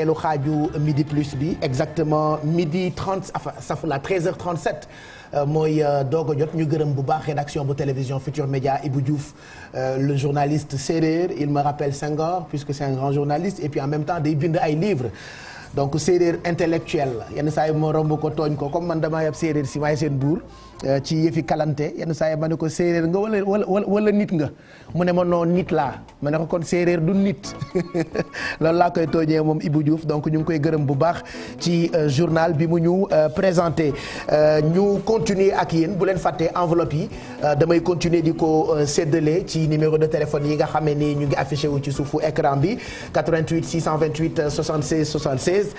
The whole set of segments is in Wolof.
teelu xaaju midi plus bi exactement midi 30 safula 13h37 mooy euh, doog jot ñu gërëm bu baax rédaction bu télévision Futur Média bu Diouf euh, le journaliste séeréer il me rappelle Senghor puisque c'est un grand journaliste et puis en même temps day bind ay livres donc séeréer intellectuel yenn saa moo romb ko tooñ ko comme man damaa yab séeréer si maay seen buur Euh, ci yëfi kalante yenn saa yi ma ne ko séeréer nga wala wala wala nit nga mu ne ma non nit laa ma ne ko kon séeréer du nit loolu laa koy tooñee moom Ibou Diouf donc ñu ngi koy gërëm bu baax ci euh, journal bi mu ñu euh, présenté ñu continuer ak yéen bu leen fàttee enveloppe yi damay continuer di ko séddale ci numéro de téléphone yi nga xamee ni ñu ngi affiché wu ci suufu écran bi 88 628 76 76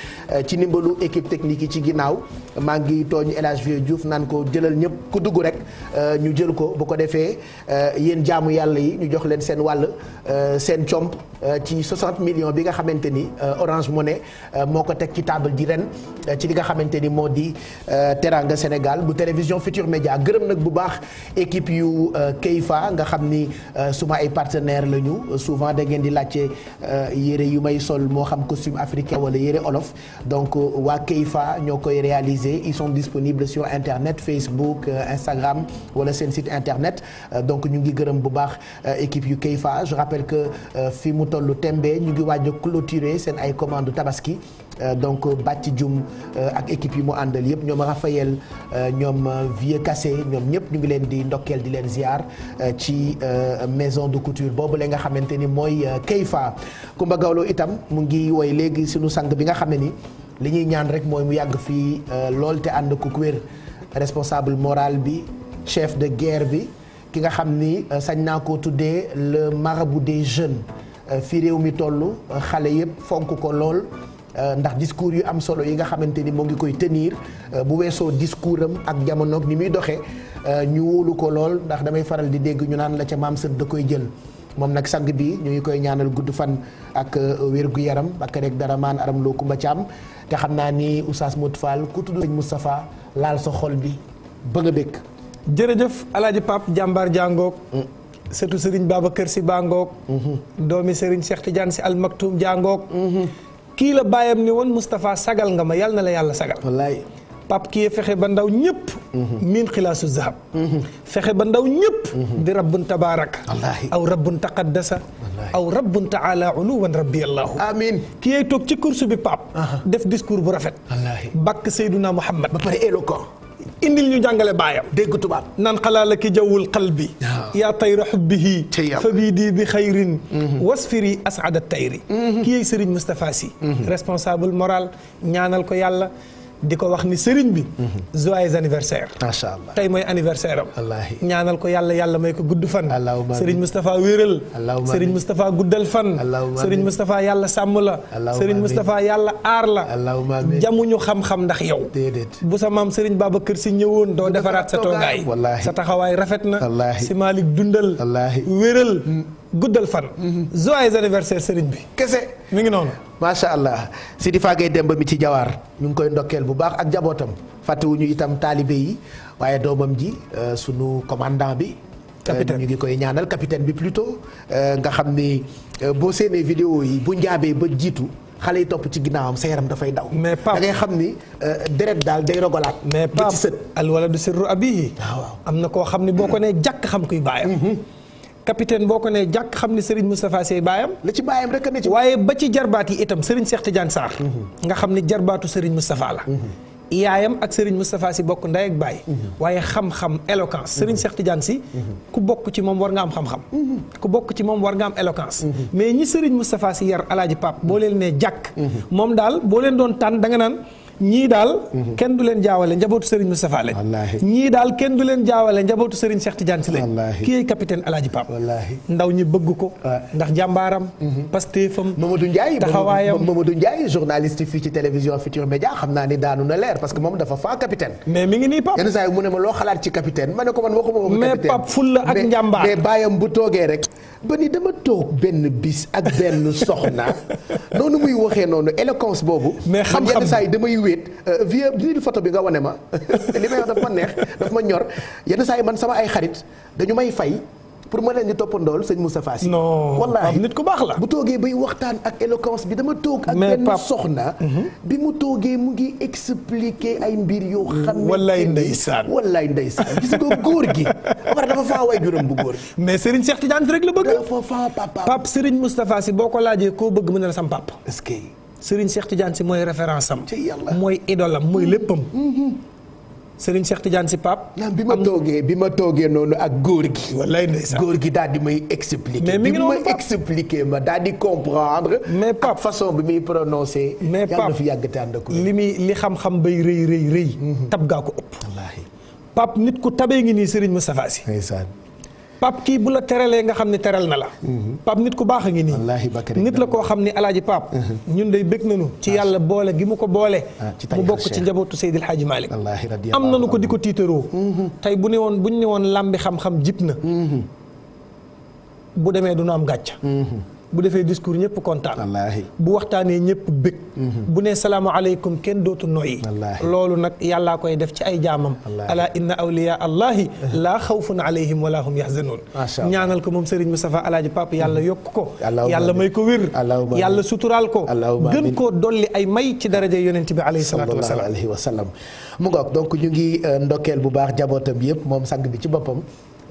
ci ndimbalu équipe technique yi ci ginnaaw maa ngi tooñ El Hadj Vieux naan ko jëlal ñëpp ku dugg rek euh, ñu jël ko bu ko defee euh, yéen jaamu yàlla yi ñu jox leen seen wàll euh, seen comp ci 60 millions bi nga xamante ni Orange Money moo ko teg ci table ji ren ci li nga xamante ni moo di Teranga Sénégal bu télévision Futur Média gërëm nag bu baax équipe yu Keifa nga xam ni suma ay partenaires la ñu souvent da ngeen di laajte yére yu may sol moo xam costume africain wala yére olof donc waa Keifa ñoo koy réaliser ils sont disponibles sur internet Facebook euh, Instagram wala seen site internet euh, donc ñu ngi gërëm bu baax euh, équipe yu Keifa je rappelle que fi mu tollu tembe ñu ngi waaj a seen ay commande tabaski donc Bàcc Jum ak équipe yi mu àndal yëpp ñoom Raphaël ñoom Vieux Cassé ñoom ñëpp ñu ngi leen di ndokkeel di leen ziar ci maison de couture boobu la nga xamante ni mooy Keifa Kumba Gawlo itam mu ngi woy léegi sunu sang bi nga xam ne ni li ñuy ñaan rek mooy mu yàgg fii lool te ànd ku wér responsable moral bi chef de guerre bi ki nga xam ni euh, sañ naa ko tuddee le bu des jeunes euh, fi réew mi toll euh, xale yëpp fonk ko lool ndax discours yu am solo yi nga xamante ni moo ngi koy tenir bu weesoo discours am ak jamonook ni muy doxee ñu wóolu ko lool ndax damay faral di dégg ñu naan la ca maam sët da koy jël moom nag sang bi ñu ngi koy ñaanal gudd fan ak wér gu yaram ak rek dara maan aram loo kumba caam te xam naa ni Oustaz Modou Fall ku laal sa xol bi bëgg a békk jërëjëf alaaji Pape jàmbaar jàngoog surtout Serigne kër si bangoog doomi Serigne Cheikh Tidiane si almaktum jàngook mm-hmm. kii la bàyyam ni woon Moustapha sagal nga ma yàlla na la yàlla sagal wallaay Pape Kiye fexe ba ndaw ñëpp. miin xilaasu zahab. fexe ba ndaw ñëpp. di rabbun tabaarak. aw rabbun taqaddasa. aw rabbun taala uluwan rabbi allahu. amiin kiyee toog ci kursu bi Pape. def discours bu rafet. wallaahi bakk Seyduna Muhammad. ba pare éloquent. indil ñu jàngale baayam. dégg tubaab naan xalaala ki jawwul qalbi. yaa tayra xubbihi. fa bii di bi xayrin. Mhm. wasfiri asada tayri. Mhm. kiyee Serigne Moustapha Sy. Mhm. responsable moral ñaanal ko yàlla. di ko wax ni sëriñ bi. Mhm. joyeux anniversaire. macha allah tey mooy anniversaire am. wallaahi ñaanal ko yàlla yàlla may ko gudd fan. allahumma sëriñ Mustapha wéeral. allahumma sëriñ Mustapha guddal fan. allahumma sëriñ Mustapha yàlla sàmm la. allahumma sëriñ Mustapha yàlla aar la. allahumma jamuñu xam-xam ndax yow. déedéet bu sa maam sëriñ Babacar si ñëwoon doo defaraat sa toogaay. wallaahi sa taxawaay rafet na. si Malick dundal. wallaahi guddal fan. Mhm. joyeux anniversaire sëriñ bi. kese mi ngi noonu. macha allah Sidi Fagay Demba mi ci jawaar ñu ngi koy ndokkeel bu baax ak jabootam fàttewuñu itam taalibe yi waaye doomam ji euh, sunu commandant bi. capitaine euh, ñu ngi koy ñaanal capitaine bi plutôt. Euh, nga xam ni boo seenee vidéo yi bu njaabee ba jiitu. xale yi topp ci ginnaawam sa yaram dafay daw. mais Pape da ngay xam ni deret daal day rogalaat. mais Pape al waladu sirru abihi. Ah, waaw am na koo xam ni boo ko nee jàkk xam kuy bàyyam. Mhm. capitaine boo ko nee jàkk xam ne Serigne Moustapha Sey baayam. la ci baayam rek ne waaye ba ci jarbaat yi itam Serigne Cheikh Tidiane Sarr. Mhm. nga xam ne jarbaatu sëriñ Moustapha la. Mhm. yaayam ak Serigne Moustapha si bokk ndey ak baay. Mhm. waaye xam-xam éloquence Serigne Cheikh Tidiane si. ku bokk ci moom war nga am xam-xam. ku bokk ci moom war nga am éloquence. mais ñi Serigne Moustapha si yar alaaji Pape boo leen nee jàkk. moom daal boo leen doon tànn danga naan. ñii daal mhm. kenn du leen jaawale njabootu Serigne Moustapha lañ ñii daal kenn du leen jaawale njabootu Serigne Cheikh Tidiane si lañ kii ay capitaine Alaaji Paam ndaw ñi bëgg ko ndax jàmbaaram mhm. pastéefam Mamadou Ndiaye taxawaayam fii ci télévision Futur Média xam naa ni daanu na leer parce que moom dafa faa capitaine ngi nii Pape yenn ne ma loo xalaat ci capitaine ma ne ko man waxuma ko capitaine mais Pape fulla ak njàmbaar mais bàyyam bu toogee rek ba ni dama toog benn bis ak benn soxna noonu muy waxee noonu éloquence boobu mais xam-xam yenn wéet euh, vieux vinil photo bi nga wane ma li may wax daf ma neex daf ma ñor yenn saa yi man sama ay xarit dañu may fay pour ma leen di toppandool sëñ Moustapha Sy non wallaahi nit ku baax la bu toogee bay waxtaan ak éloquence bi dama toog mhm. bi mu toogee mu ngi expliquer ay mbir yoo mm, xam ne wallaay ndeysaan wallaay ndeysaan gis nga góor gi après dafa faa waay juróom bu góor gi mais Serigne Cheikh Tidiane rek la bëgg dafa faa papa Pape Serigne Moustapha Sy boo ko laajee koo bëgg mën na la sam Serigne Cheikh Tidiane si mooy référence am. mooy idolam mooy mm-hmm. léppam. Mm-hmm. Serigne Cheikh Tidiane si Pape. bi ma toogee bi ma toogee noonu ak góor gi. wallaay ndeysaan góor gi daal di may expliquer. mais mi ngi noonu Pape ma expliquer ma daal mais Pape façon bi muy prononcer. mais Pape yàlla li muy li xam-xam bay rëy rëy rëy. Mm-hmm. tab gaa ko ëpp. wallaahi Pape nit ku tabee ngi nii Serigne Moustapha Sy. ndeysaan. pap kii bu la teralee nga xam ne teral na la mhm. pap nit ku baax a ngi nii nit la koo xam ne alaaji pap mhm. ñun day bég nañu ci yàlla boole gi mu ko boole ah, mu bokk ci njabootu Seydil Hadji Malick am nañu ko di ko tiitaroo mhm. tey bu ne woon buñ ne woon làmbi xam-xam jib na bu demee du nu am gàcc bu defee discours ñëpp kontaan. bu waxtaanee ñëpp bëgg. Mhm. bu nee salaamaaleykum kenn dootu noyyi. loolu nag yàllaa koy def ci ay jaamam. ala inna awliyaa allahi mhm. laa xawfun alayhim wala hum yaxzanuun ñaanal ko moom Serigne Moustapha Alaaji Papa yàlla mhm. yokk ko. yàlla may ko wér. yàlla suturaal ko. gën koo dolli ay may ci daraja yonent bi alayhi salaatu wa salaam. mu ngoog donc ñu ngi euh, ndokkeel bu baax jabootam yëpp moom sang bi ci boppam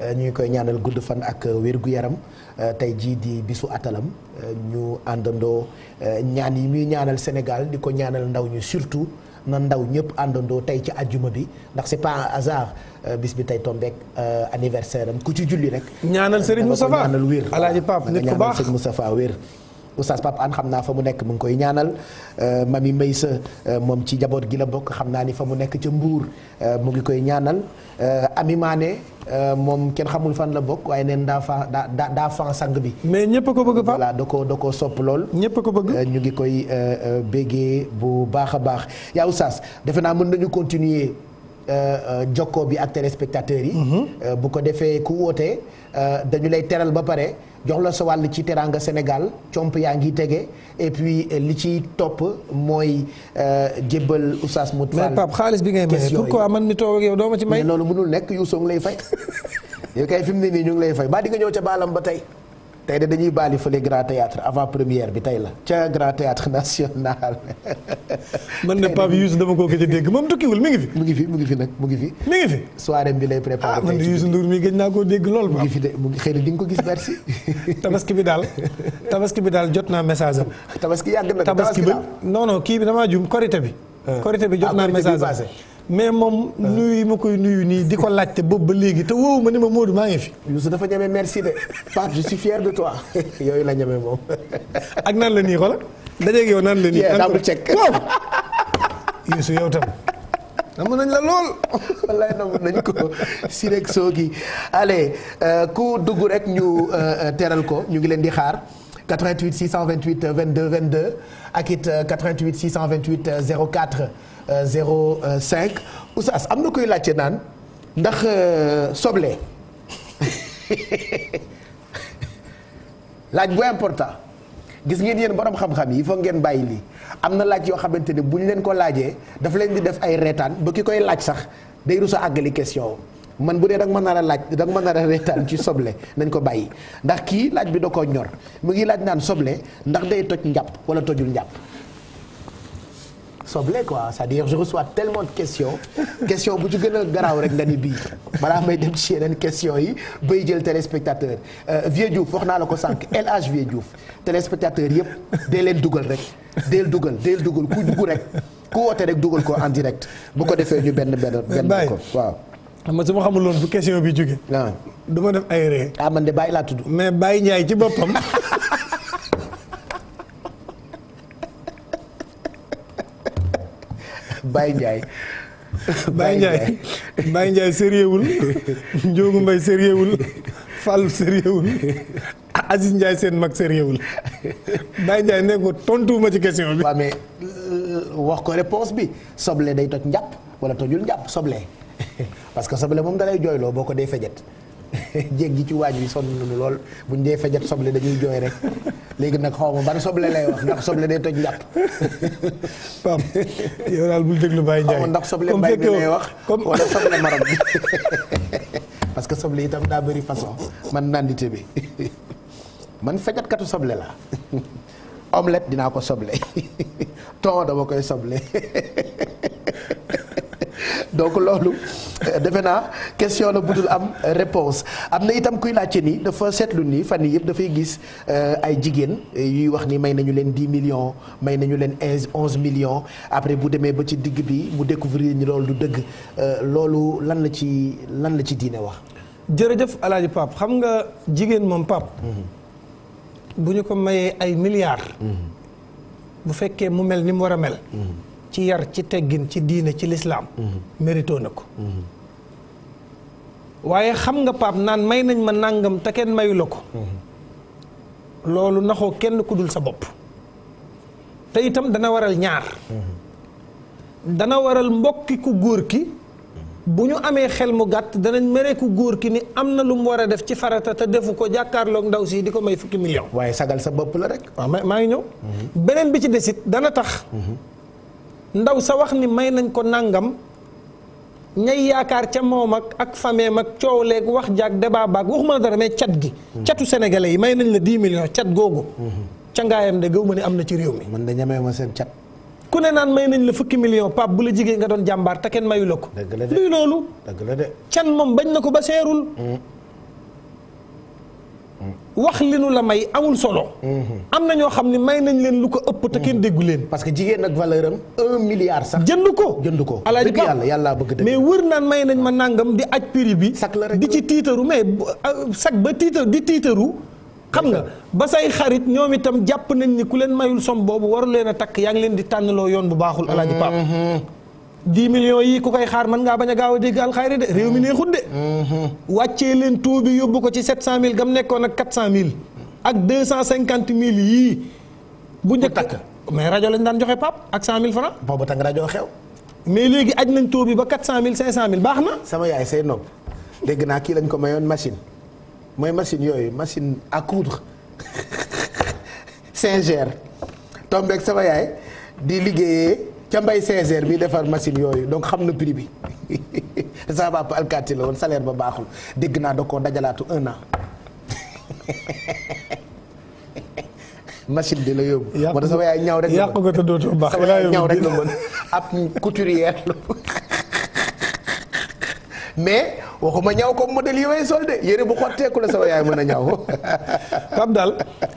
euh, ñu ngi koy ñaanal gudd fan ak euh, wér yaram. Euh, tey jii di bisu atalam euh, ñu àndandoo euh, ñaan yi muy ñaanal Sénégal di ko ñaanal ndaw ñu surtout na ndaw ñëpp àndandoo tey ci àjjuma bi ndax c'est pas un hasard bis bi tey tombeek anniversaire am ku ci julli rek. ñaanal Serigne Moustapha ñaanal wér. alaaji Pape nit ku baax oustaz Pape An xam naa fa mu nekk mu ngi koy ñaanal euh, mami Maysa euh, moom ci jaboot gi la bokk xam naa ni fa mu nekk ca mbuur euh, mu ngi koy ñaanal Ami Mané moom kenn xamul fan la bokk waaye neen daa fa daa daa fan sang bi. mais ñëpp ko bëgg Pape voilà da koo da koo sopp lool. ñëpp ko bëgg ñu ngi koy béggee bu baax a baax yaa oustaz defe naa mën nañu continuer. jokko bi ak téléspectateurs yi. Mm-hmm. bu ko defee ku wootee dañu lay teral ba pare. jox la sa wàll ci teraanga Sénégal comp yaa ngi tege et euh, li ci topp mooy euh, jébbal Oustaz Mout Fall. mais Pape xaalis bi ngay maye pourquoi man mi toog ak yow doo ma ci may. mais loolu mënul nekk Youssou ngi lay fay yow kay fi mu ne nii ñu ngi lay fay ba di nga ñëw ca baalam ba tey. tey de dañuy baali fële grand théâtre avant première bi tey la ca grand théâtre national. man de Pape Youssou dama koo gëj a dégg moom tukkiwul mi ngi fi. mu ngi fi mu ngi fi nag mu ngi fi. mi ngi fi soirée bi lay préparé. ah man de Youssou mi gëj naa koo dégg lool. mu ngi fi de xëy na di ko gis merci. tabaski bi daal tabaski bi daal jot naa message am. tabaski yàgg na tabaski ba non non kii bi damaa jum korité bi. Ah. korité bi jot ah, naa message am mais moom nuyu ma koy nuyu nii di ko laajte boobu ba léegi te wóowu ma ni ma Modou maa ngi fi. Youssou dafa ñeme merci de Pape je suis fier de toi yooyu la ñeme moom. ak nan la nii xoolal dajeeg yow nan la nii. yéen double check waaw. Youssou yow tam. namoon nañ la lool wallaay namoon nañ soo gi allez euh, ku dugg rek ñu euh, euh, teral ko ñu ngi leen di xaar 88 628 22 22 ak it 88 628 04. zéro cinq oustaz am na koy laajte naan ndax euh, soble laaj bu important gis ngeen yéen borom xam-xam yi il ngeen bàyyi lii am na laaj yoo xamante ne bu ñu leen ko laajee daf leen di def ay reetaan ba ki koy laaj sax day rusa àggali question man bu dee da nga mën a laaj da nga mën a reetaan ci soble nañ ko bàyyi ndax kii laaj bi da koo ñor mu ngi laaj naan soble ndax day toj njàpp wala tojul njàpp. soble quoi c'est-à-dire je reçois tellement de question bu ci gën garaaw rek nga ni bii balaa may dem ci yeneen question yi bay jël téléspectateur euh, Vieux Diouf wax naa la ko sànq El Hadj Vieux téléspectateur yëpp dee leen dugal rek deel dugal deel dugal ku dugg rek ku woote rek dugal ko en direct bu ko defee ñu benn benn benn ko waaw xam nga su ma xamul woon fu question bi jóge ah. du ma def ah, man de Baye laa tudd mais bàyyi Ndiaye ci boppam bàyyi Ndiaye. Baye Ndiaye Baye Ndiaye sérieuxul Ndiogou Mbaye sérieuxul Fallou sérieuxul Aziz Ndiaye seen mag sérieuxul Baye Ndiaye ne ko tontuwuma ci question bi. waaw mais euh, wax ko réponse bi soble day toj njàpp wala tojul njàpp soble parce que soble moom da lay jooyloo boo ko dee fejet jéeg gi ci waaj wi sonn nañu lool buñ dee fajat soble dañuy jooy rek léegi nag xaw ma ban soble lay wax ndax soble day toj njàpp. Pape yow daal bul déglu Baye Ndiaye ndax soble mbay wax wala soble parce que soble itam daa bari façon man nandite bi man fajatkatu soble la omelette dinaa ko soble thon dama koy soble. donc loolu defe naa question la budul am réponse am na itam kuy laajte nii dafa seetlu nii fan yii yëpp dafay gis euh, ay jigéen euh, yuy wax nii may nañu leen 10 millions may nañu leen 11 millions après bu demee ba ci digg bi mu découvrir ni loolu du dëgg euh, loolu lan la ci lan la ci diine wax. jërëjëf Alaaji Pape xam nga jigéen moom Pape. Mhm. bu ñu ko mayee ay milliards. Mhm. bu fekkee mu mel ni mu war a mel. Mhm. ci yar ci teggin ci diine ci lislaam mérito na ko waaye xam nga paap naan may nañ ma nàngam te kenn mayula ko loolu naxoo kenn ku dul sa bopp te itam dana waral ñaar dana waral mbokki ku góor ki bu ñu amee xel mu gàtt danañ mere ku góor ki ni am na lu mu war a def ci farata te defu ko jàkkaarlook ndaw si di ko may fukki million waaye sagal sa bopp la rek waaw maa ngi ñëw mhm. beneen bi ci desit dana tax mhm. ndaw sa wax ni may nañ ko nangam ñay yaakaar ca moom ak ak fameem ak coow leeg wax jaag débat baag waxuma dara mais cat gi. catu sénégalais yi may nañ la 10 millions cat googu. cangaayam ngaayam de gëw ma ni am na ci réew mi. man de ñamee ma seen cat. ku ne naan may nañ la fukki million pap bu la jigéen nga doon jàmbaar te kenn mayu ko. dëgg la luy loolu. dëgg la can moom bañ na ko ba seerul. Mm. wax li nu la may amul solo. Mhm. am na ñoo xam ne may nañ leen lu ko ëpp te kenn mhm. déggu leen. parce que jigéen ak valeur am un milliard sax. jënd ko jënd ko alaaji ba yàlla yàlla bëgg mais wër naan may nañ ma nàngam di aj prix bi. di ci tiitaru mais euh, sac ba tiitaru di tiitaru. xam nga ba say xarit ñoom itam jàpp nañ ni ku leen mayul som boobu waru leen a takk yaa ngi leen di tànnaloo yoon bu baaxul alaaji Pape. Mhm. 10 millions yi ku koy xaar mën ngaa bañ a gaaw a dégg alxayri de réew mi neexut de. Mm-hmm. wàccee leen taux bi yóbbu ko ci 700000 gam nekkoon ak 400000. ak 250000 yii. bu njëkk takk mais rajo lañ daan joxe pap ak 100000 francs boobu tàng rajo xew. mais léegi aj nañ taux bi ba 400000 500000 baax na. sama yaay say nopp dégg naa kii lañ ko mayoon machine mooy machine yooyu machine à coudre Singer tombeeg sama yaay di liggéeyee. ca mbay CSR bi defar machine yooyu donc xam na prix bi sa bàpp alkaati la woon salaire ba baaxul dégg naa da koo dajalaatu un an machine bi la yóbbu. yàqu nga sama yaay ñaw rek la nga te dootoo ñaw rek la woon ab couturière la mais. waxuma ñaw comme modèle yi way sol de yére bu xotteeku la sama yaay mën a ñaw. Pape daal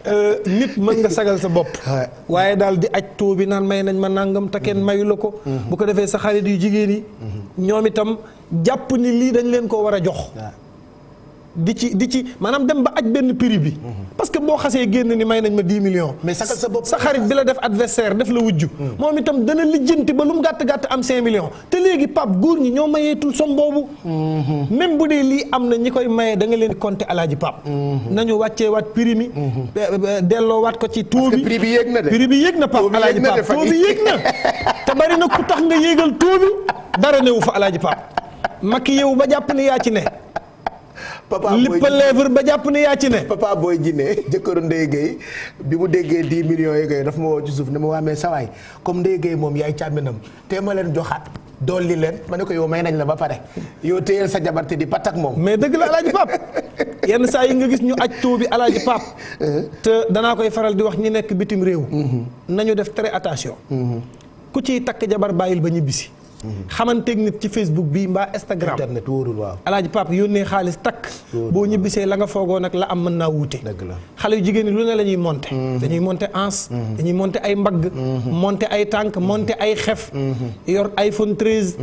euh, nit mën nga sagal sa bopp. waaye daal di aj too bi naan may nañ ma nàngam te kenn mm-hmm. mayu la ko. Mm-hmm. bu ko defee sa xarit yu jigéen yi. Mm-hmm. ñoom itam jàpp ni lii dañ leen koo war a jox. di ci di ci maanaam dem ba aj benn prix bi. Mhm. parce que boo xasee génn ni may nañ ma 10 millions. mais sa xarit bi la def adversaire def la wujju mhm. moom itam dana lijjanti ba lu mu gàtt gàtt am 5 millions te léegi pap góor ñi ñoo mayeetul som boobu. Mhm. même bu dee lii am na ñi koy maye da nga leen compter alaaji pap nañu wàccee waat prix mi. delloo waat ko ci taux bi prix bi yéeg na de. bi yéeg na pap alaaji pap taux bi yéeg na te bari na ku tax nga yéegal taux bi dara newu fa alaaji pap makki yow ba jàpp yaa ci ne. papa lipp lèvre ba jàpp yaa ci papa booy jinne jëkkëru Ndeye Gueye bi mu déggee 10 million yi dafa ma woo ci suuf ne ma waamee sawaay comme Ndeye Gueye moom yaay càmminam te ma leen joxaat dolli leen ma ne ko yow may nañ la ba pare yow te téyel sa jabar te di patak moom. mais dëgg la alaaji pap yenn saa yi nga gis ñu aj tuu bi alaaji pap uh-huh. te danaa koy faral di wax ñi nekk bitim réew. Mm-hmm. nañu def très attention. Mm-hmm. ku ciy takk jabar bàyyil ba ñibbisi. xamanteeg nit ci Facebook bi mbaa Instagram. internet wóorul waaw. alaaji pap yónnee xaalis takk. boo ñibbisee la nga foogoo nag la am mën naa wuute. dëgg la xale yu jigéen ñi lu ne la ñuy monter. Mm-hmm. dañuy monter ans. Mm-hmm. dañuy monter ay mbagg. Mm-hmm. monter ay tànk monter ay xef. yor iPhone 13.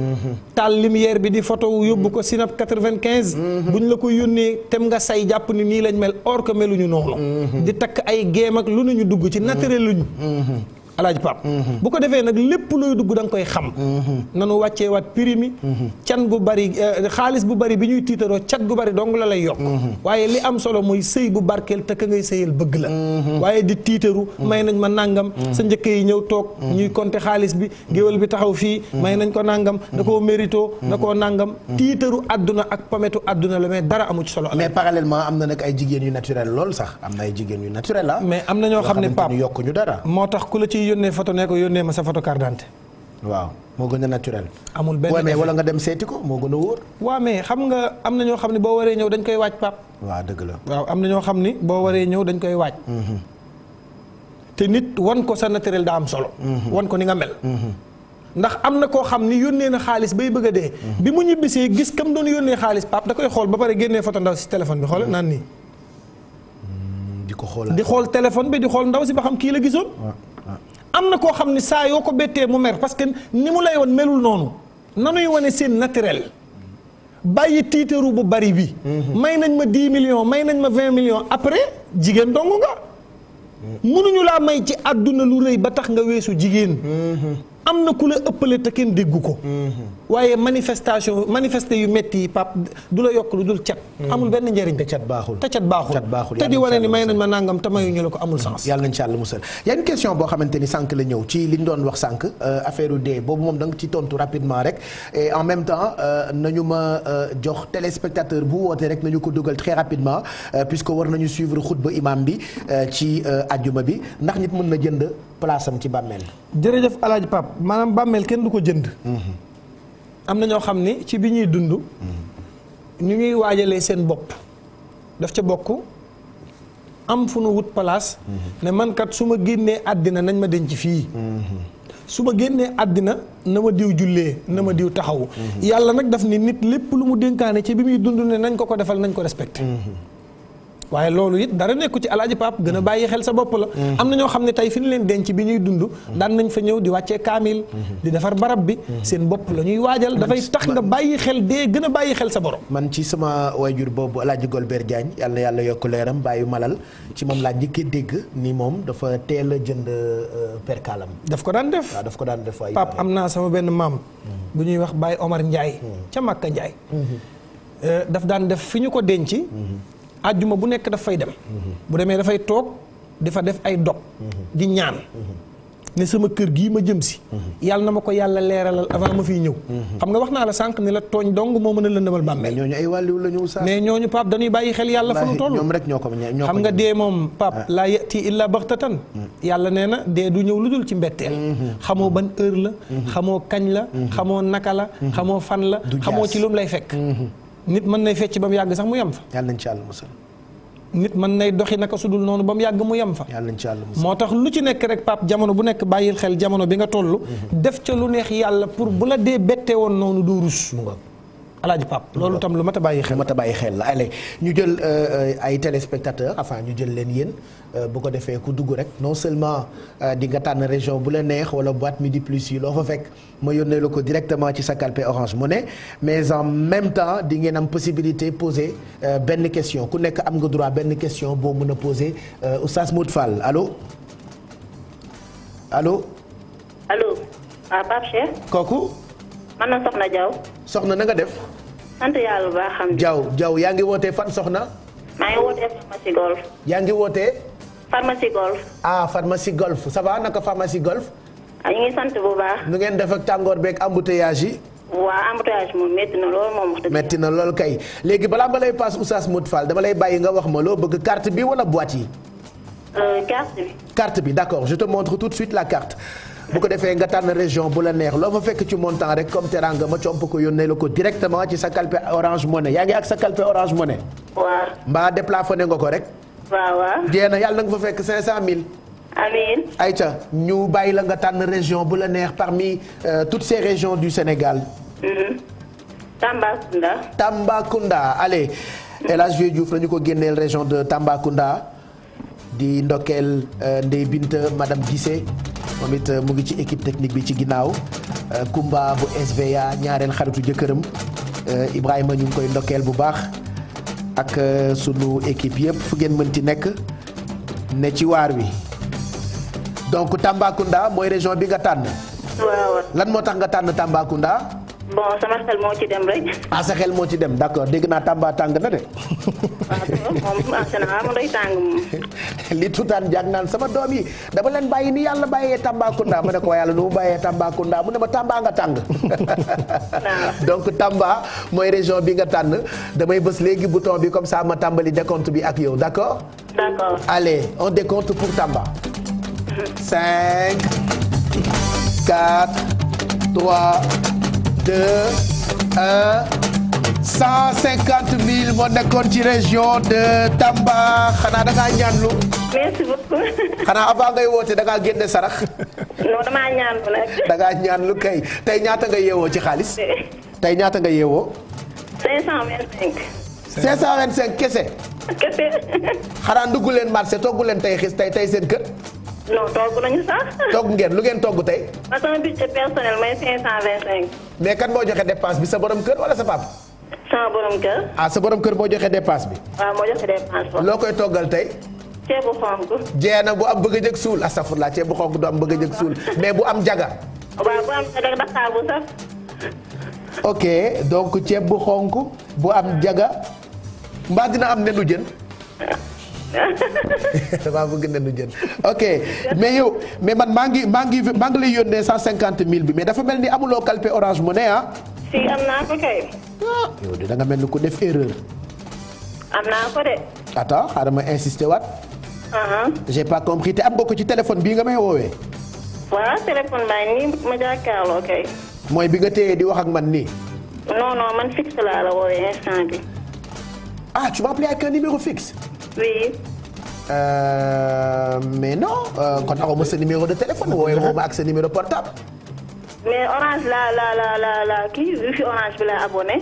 taal lumière bi di photo yóbbu ko Snap 95. buñ la ko yónnee tem nga say jàpp ni nii lañ mel or que meluñu noonu. di takk ay géem ak lu ñu dugg ci naturel alaaji Pape bu ko defee nag lépp luy dugg da nga koy xam nu wàccee waat prix mi can gu bari eh, xaalis bu bari bi ñuy tiitaroo cat gu bari dong la lay yokk waaye li am solo mooy sëy bu barkeel te ngay sëyal bëgg la waaye di tiitaru may nañ ma nàngam sa njëkk yi ñëw toog ñuy compter xaalis bi géwél bi taxaw fii may nañ ko nàngam da koo meritoo da koo nàngam tiitaru àdduna ak pametu àdduna la mais dara amu ci solo mais parallèlement am na nag ay jigéen yu naturel lool sax na ay jigéen yu la ah. mais am na ñoo xam ne yokkuñu dara ñuy yónnee photo ne ko yónnee ma sa photo carte d'identité waaw moo gën a naturel. amul benn mais wala nga dem seeti ko moo gën a wóor. waaw mais xam nga am na ñoo xam ne boo waree ñëw dañ koy waaj pap waaw dëgg la waaw am na ñoo xam ni boo waree ñëw dañ koy waaj. Mm-hmm. te nit wan ko sa naturel daa am solo. Mm-hmm. wan ko ni nga mel. Mm-hmm. ndax am na koo xam ni yónnee na xaalis bay bëgga dee. bi mu ñibbisee gis kam doon yónnee xaalis pap da koy xool ba pare génnee photo ndaw si téléphone bi xoolal naan nii. di ko xool di xool téléphone bi di xool ndaw si ba xam kii am na koo xam ni saa yoo ko bettee mu mer parce que ni mu lay woon melul noonu nanuy wane seen naturel bàyyi tiitaru bu bari bi. Mhm. may nañ ma 10 millions may nañ ma 20 millions après jigéen dong nga. Mhm. mënuñu laa may ci àdduna lu rëy ba tax nga weesu jigéen. Mhm. am na ku la ëppale te kenn déggu ko. waaye manifestation manifester yu métti yi pap du la yokk lu dul cat. Hmm. amul benn njariñ te cat baaxul te cat baaxul. cat baaxul te di wane ni may nañ ma nangam te mayuñu la ko amul hmm. sens. yàlla incha allah musal y a une question boo xamante ni sànq la ñëw ci li ñu doon wax sànq euh, affaire u dee boobu moom da nga ci tontu rapidement rek et en même temps euh, nañu ma euh, jox téléspectateur bu woote rek nañu ko dugal très rapidement puisque war nañu suivre xutba imam bi ci ajjuma bi ndax nit mën na jënd place am ci bàmmeel. jërëjëf El Hadj maanaam bàmmeel kenn du ko jënd. Hmm. am na ñoo xam ni ci bi ñuy dund ñu ñuy waajalee seen bopp def ca bokk am fu nu wut place ne man kat su ma génnee àddina nañ ma denc fii su ma génnee àddina na ma diw jullee na ma diw taxawu yàlla nag daf ni nit lépp lu mu dénkaane ci bi muy dund ne nañ ko ko defal nañ ko respecté waaye loolu it dara nekku ci alaaji pap gën a bàyyi xel sa bopp la mm-hmm. am na ñoo xam ne tey fi ñu leen denc bi ñuy dund mm-hmm. daan nañ fa ñëw di wàccee kaamil mm-hmm. di defar barab bi seen bopp la ñuy waajal dafay tax nga bàyyi xel dee gën a bàyyi xel sa borom man ci sama waajur boobu alaaji Golbert Diagne yàlla yàlla yokk leeram bàyyi malal ci moom laa njëkkee dégg ni moom dafa teel a jënd euh, perkaalam daf ko daan def waaw ko daan def waay pap am naa sama benn maam bu ñuy wax Baye Omar Ndiaye ca Makka Ndiaye euh, daf daan def fi ñu ko denc àjjuma bu nekk daf dem. bu demee dafay toog dafa def ay dog di ñaan. ne sama kër gii ma jëm si. yàlla na ma ko yàlla leeralal avant ma fiy ñëw. xam nga wax naa la sànq ne la tooñ dong moo mën a lëndëmal bàmmeel. mais ñooñu ay wàllu la ñu mais ñooñu Pape dañuy bàyyi xel yàlla fa nu toll. ñoom ko ñoo xam nga dee moom Pape ah. laa yati illa baxtatan yàlla nee na dee du ñëw lu dul ci mbetteel. xamoo ban heure la. xamoo kañ la. xamoo naka la. xamoo fan la. xamoo ci lum lay fekk. Mm-hmm. nit mën nay fecc ba mu yàgg sax mu yem fa. yàlla nañ ci nit mën nay doxi naka sudul noonu ba mu yàgg mu yem fa. yàlla nañ ci yàlla moo tax lu ci nekk rek pap jamono bu nekk bàyyil xel jamono bi nga toll. Mhm. def ca lu neex yàlla pour bu la dee bettee woon noonu doo rus. alaaji Pape loolu tam lu mat a bàyyi xel. lu bàyyi xel la allez ñu jël euh, euh, ay téléspectateurs enfin ñu jël leen yéen euh, bu ko defee ku dugg rek non seulement di nga tànn région bu la neex wala boîte midi plus yi loo fa fekk ma yónnee la ko directement ci sa calpe orange monnaie mais en même temps di ngeen am possibilité poser benn question ku nekk am nga droit benn question boo mën a poser oustaz Modou Fall allo allo. allo. ah Pape Cheikh. kooku. man na Soxna Diaw. Soxna na nga def. sant yàlla bu xam jaw jaw yaa ngi wootee fan soxna. maa ngi wootee pharmacie golf. yaa ngi wootee. pharmacie golf. ah pharmacie golf ça va naka pharmacie golf. ah ñu ngi sant bu baax. nu ngeen def ak tàngoor beeg embouteillage yi. waaw embouteillage moom métti na lool moom. métti na kay léegi balaa ma lay paas Oustaz Modou Fall dama lay bàyyi nga wax ma loo bëgg carte bi wala boîte yi. Euh, carte bi. carte bi d'accord je te montre tout de suite la carte. bu ko defee nga tànn région bu la neex loo fa fekk ci montant rek comme teranga ma comp ko yónnee la ko directement ci sa calpe orange monnaie yaa ngi ak sa calpe orange monnaie. waaw. mbaa déplafonné nga ko rek. waaw waaw. jeena yàlla nga fa fekk 500000. amiin. Aïcha ñu bàyyi la nga tànn région bu la neex parmi euh, toutes ces régions du Sénégal. Mm-hmm. Tambacounda. Tambacounda allez El Hadj Vieux Diouf la ñu ko génneel région de Tambacounda di ndokkeel euh, Ndeye Binta madame Guissé. moom it euh, mu ngi ci équipe technique bi ci ginnaaw euh, Kumba bu SVA ñaareel xaritu jëkkëram euh, Ibrahima ñu ngi koy ndokkeel bu baax ak sunu équipe yëpp fu ngeen mënti nekk ne ci waar wi donc Tambacounda mooy région bi nga tànn. waaw lan moo tax nga tànn Tambacounda. bon sama xel moo ci dem rek. ah sa xel moo ci dem d'accord dégg naa Tamba tàng na de. li tutaan jàng naan sama doom yi dama leen bàyyi ni yàlla bàyyee Tambacounda ma ne ko yàlla nu mu bàyyee Tambacounda mu ne ma tàmbaa nga tàng donc Tamba mooy région bi nga tànn damay bës léegi bouton bi comme ça ma tàmbali décompte bi ak yow d'accord d'accord on décompte pour Tamba 5 4 3 2 1 cent cinquante mille moo nekkoon ci région de Tamba xanaa da ñaan ñaanlu. merci beaucoup. xanaa avant ngay woote da ngaa génne sarax. non damaa ñaanlu nag. da ngaa ñaanlu kay tey ñaata nga yewoo ci xaalis. tey ñaata nga yewoo cinq cinq. kese. kese. xanaa ndugg leen marché togg leen tey xis tey tey seen kër. non togg nañu sax. togg ngeen lu ngeen togg tey. ma sama budget personnel mooy 525. mais kan moo joxe depanse bi sa borom kër wala sa papa. sama borom ah, sa borom kër moo joxe dépense bi. bi. loo koy toggal tey. ceebu xonk. jee na bu am bëgg a jëg suul astafurlaa ceebu xonk du am bëgg a jëg suul mais bu am jaga. waaw bu am bu xonk bu am jaga mbaa dina am nenu jën. damaa bëgg nenu jën ok mais yow mais man maa ngi maa ngi maa ngi lay yónnee cent cinquante mille bi mais dafa mel ni amuloo calpe orange money ah. si am naa ko kay. ah yow mel ni ku def erreur. am naa ko de. attends xaaral ma waat. j'ai pas compris te am nga ci téléphone bii nga may woowee. waaw téléphone baa ngi nii ma jàkkaarloo kay. mooy bi nga téye di wax ak man nii. non non man fixe laa la woowee instant bi. ah tu m'as appelé avec un numéro fixe. mais non kon amoo sa numéro de téléphone woowee woo ma ak sa numéro portable. mais orange la la la la la kii wifi orange bi la abonné.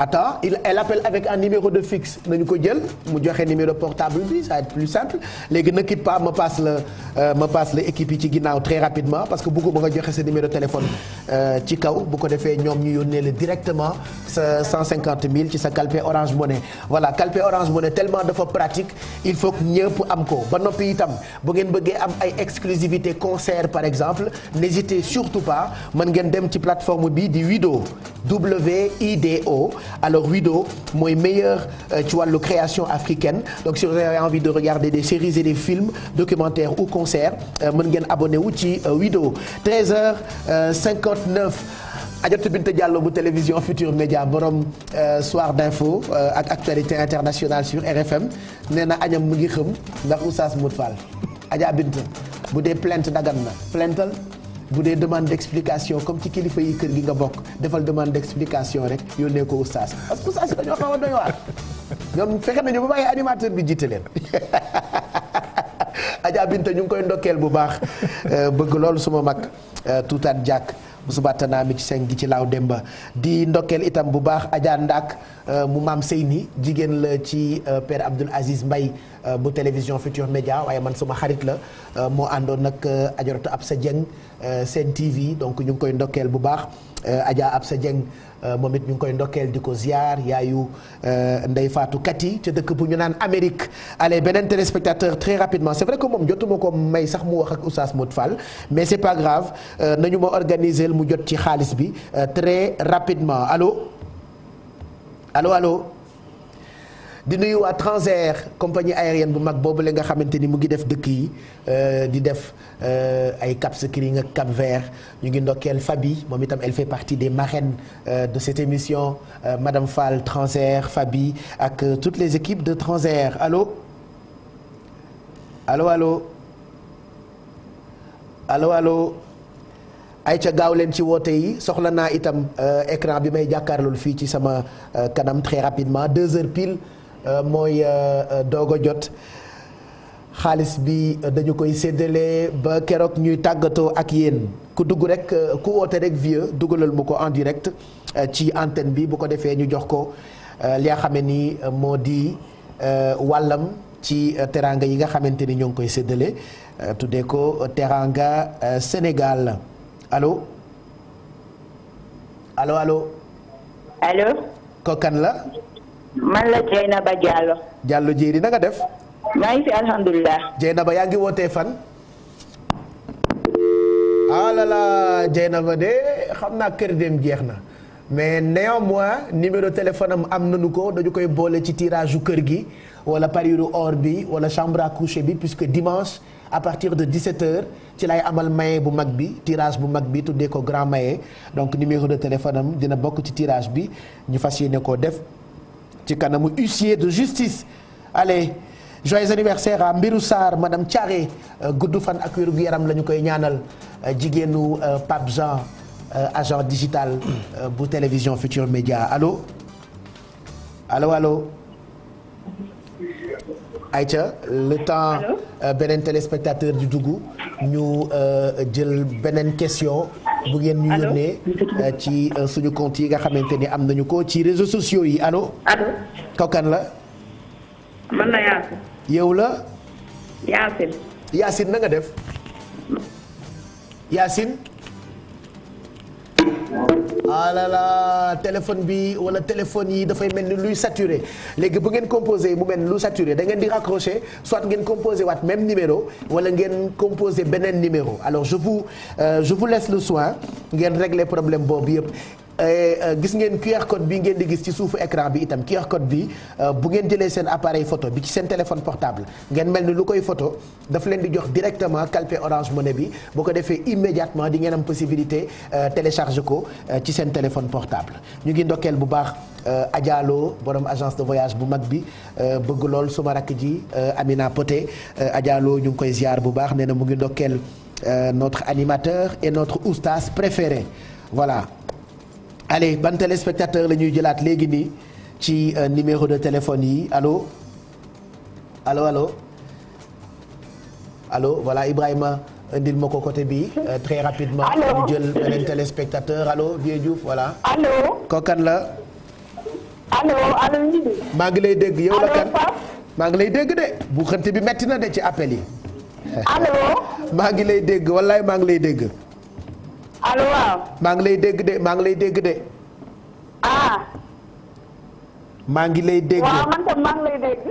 attends il elle appelle avec un numéro de fixe nañu ko jël mu joxe numéro portable bi ça va être plus simple léegi ne quitte pas ma passe la euh, ma passe la équipe yi ci ginnaaw très rapidement parce que bëgguma nga joxe sa numéro téléphone euh, ci kaw bu ko defee ñoom ñu yónnee la directement sa 150 000 ci sa calpe Orange Money voilà calpe Orange Money tellement dafa pratique il faut que ñëpp am ko ba noppi itam bu ngeen bëggee am ay exclusivité concert par exemple n'hésitez surtout pas mën ngeen dem ci plateforme bi di Wido W I D alors Wido mooy meilleur euh, ci wàllu création africaine donc si vous avez envie de regarder des séries et des films documentaires ou concerts euh, mën ngeen abonné wu ci euh, Wido 13h59. Adjaratou Binta Diallo bu télévision Futur Média borom soir d'info ak actualité internationale sur RFM nee na añam mu ngi xëm ndax Oustaz Modou Fall Adja Binta bu dee plainte dagan na plaintal bu dee demande explication comme ci kilifa yi kër gi nga bokk defal demande d'explication rek yónnee ko oustaz parce que oustaz dañoo xaw a doy waar ñoom fexe nañu ba bàyyi animateur bi jiite leen Adja Binta ñu ngi koy ndokkeel bu baax euh, bëgg loolu suma mag euh, tuutaan jàkk bu subaata naa mi ci seng gi ci laaw demba di ndokkeel itam bu baax Adja Ndak euh, mu maam Seyni jigéen la ci euh, père Abdoul Aziz Mbaye euh, bu télévision Futur Média waaye man suma xarit la moo àndoon nag Ajaratu Absa Dieng seen TV donc ñu ngi koy ndokkeel bu baax ab sa Dieng Euh, moom it ñu ngi koy ndokkeel di ko ziar yaayu euh, Ndey Faatu Kati ca dëkk bu ñu naan Amérique ale beneen téléspectateur très rapidement c'est vrai que moom jotuma ko may sax mu wax ak Oustaz Modou Fall mais c'est pas grave euh, nañu ma organiser mu jot ci xaalis bi très rapidement alo allo allo di nuyu waa Transair compagnie aérienne bu mag boobu la nga xamante ni mu ngi def dëkk yi euh, di def euh, ay Cap Skirring ak Cap Vert ñu ngi ndokkeel Fabi moom itam elle fait partie des marraines euh, de cette émission Madame Fall Transair Fabi ak toutes les équipes de Transair allô allô allô allô allô ayca gaaw leen ci woote yi soxla naa itam écran bi may jàkkaarlool fii ci sama kanam très rapidement deux heures pile Euh, mooy euh, euh, doog a jot xaalis bi dañu koy séddale ba keroog ñuy tàggatoo ak yéen ku dugg rek ku woote rek vieux dugalal mu ko en direct ci antenne bi bu ko defee ñu jox ko li nga xamee ni moo di wàllam ci teranga yi nga xamante ni ñoo ngi koy séddale tuddee ko teranga Sénégal allo allo allo. allo. kokan la. man la Dieynaba Diallo. Diallo Jéeri na nga def. maa ngi fi alhamdulilah. Dieynaba yaa ngi wootee fan. alala ah Dieynaba de xam naa kër dem jeex na mais néanmoins numéro téléphone am am nañu ko dañu koy boole ci tirage u kër gi wala pariru or bi wala chambre à coucher bi puisque dimanche à partir de 17h ci lay amal maye bu mag bi tirage bu mag bi tuddee ko grand maye donc numéro de téléphone dina bokk ci tirage bi ñu fas yéene koo def. ci kanamu huissier de justice allez joyeux anniversaire à Mbirou Sarr madame Thiaré euh, gudd fan ak wér gu yaram la ñu koy ñaanal euh, jigéenu euh, Pape Jean agent digital bu télévision Futur Média alo allo allo Aïcha le temps beneen téléspectateur di dugg ñu jël beneen question bu ngeen ñu yónnee euh, ci euh, suñu compte yi nga xamante ni am nañu ko ci réseau sociaux yi allo. allo kookan la. man la Yacine. yow la. Yacine. Yacine na nga def. Yacine. ah là là téléphone bi wala téléphone yi dafay mel ni luy saturé léegi bu ngeen composé mu mel ni lu saturé da ngeen di raccroché soit ngeen composé waat même numéro wala ngeen composé beneen numéro alors je vous euh, je vous laisse le soin ngeen régler problème boobu yëpp. Eh, eh, gis ngeen QR code bi ngeen di gis ci suufu écran bi itam QR code bi eh, bu ngeen jëlee seen appareil photo bi ci seen téléphone portable ngeen mel ni lu koy photo daf leen di jox directement calpe orange money bi boo ko defee immédiatement di ngeen am possibilité télécharge ko ci seen téléphone portable ñu ngi ndokkeel bu baax Ajaalo borom agence de voyage bu mag bi bëgg lool suma rakk ji Amina Poté Ajaalo ñu ngi koy ziar bu baax nee na mu ngi ndokkeel notre animateur et notre oustaz préféré voilà allez ban téléspectateur la ñuy jëlaat léegi nii ci euh, numéro de téléphone yi alo alo allo alo voilà Ibrahima indil ma ko côté bi euh, très rapidement. allo ñu jël beneen téléspectateur allo Vieux Diouf voilà. allo la. allo allo. maa ngi lay dégg yow la kan maa ngi lay dégg de bu xënt bi metti na de ci appel yi. allo. maa ngi lay dégg wallaay maa ngi lay dégg. allo maa ngi lay dégg de maa ngi lay dégg de. Ah. maa ngi lay dégg. waaw man tam maa ngi lay dégg.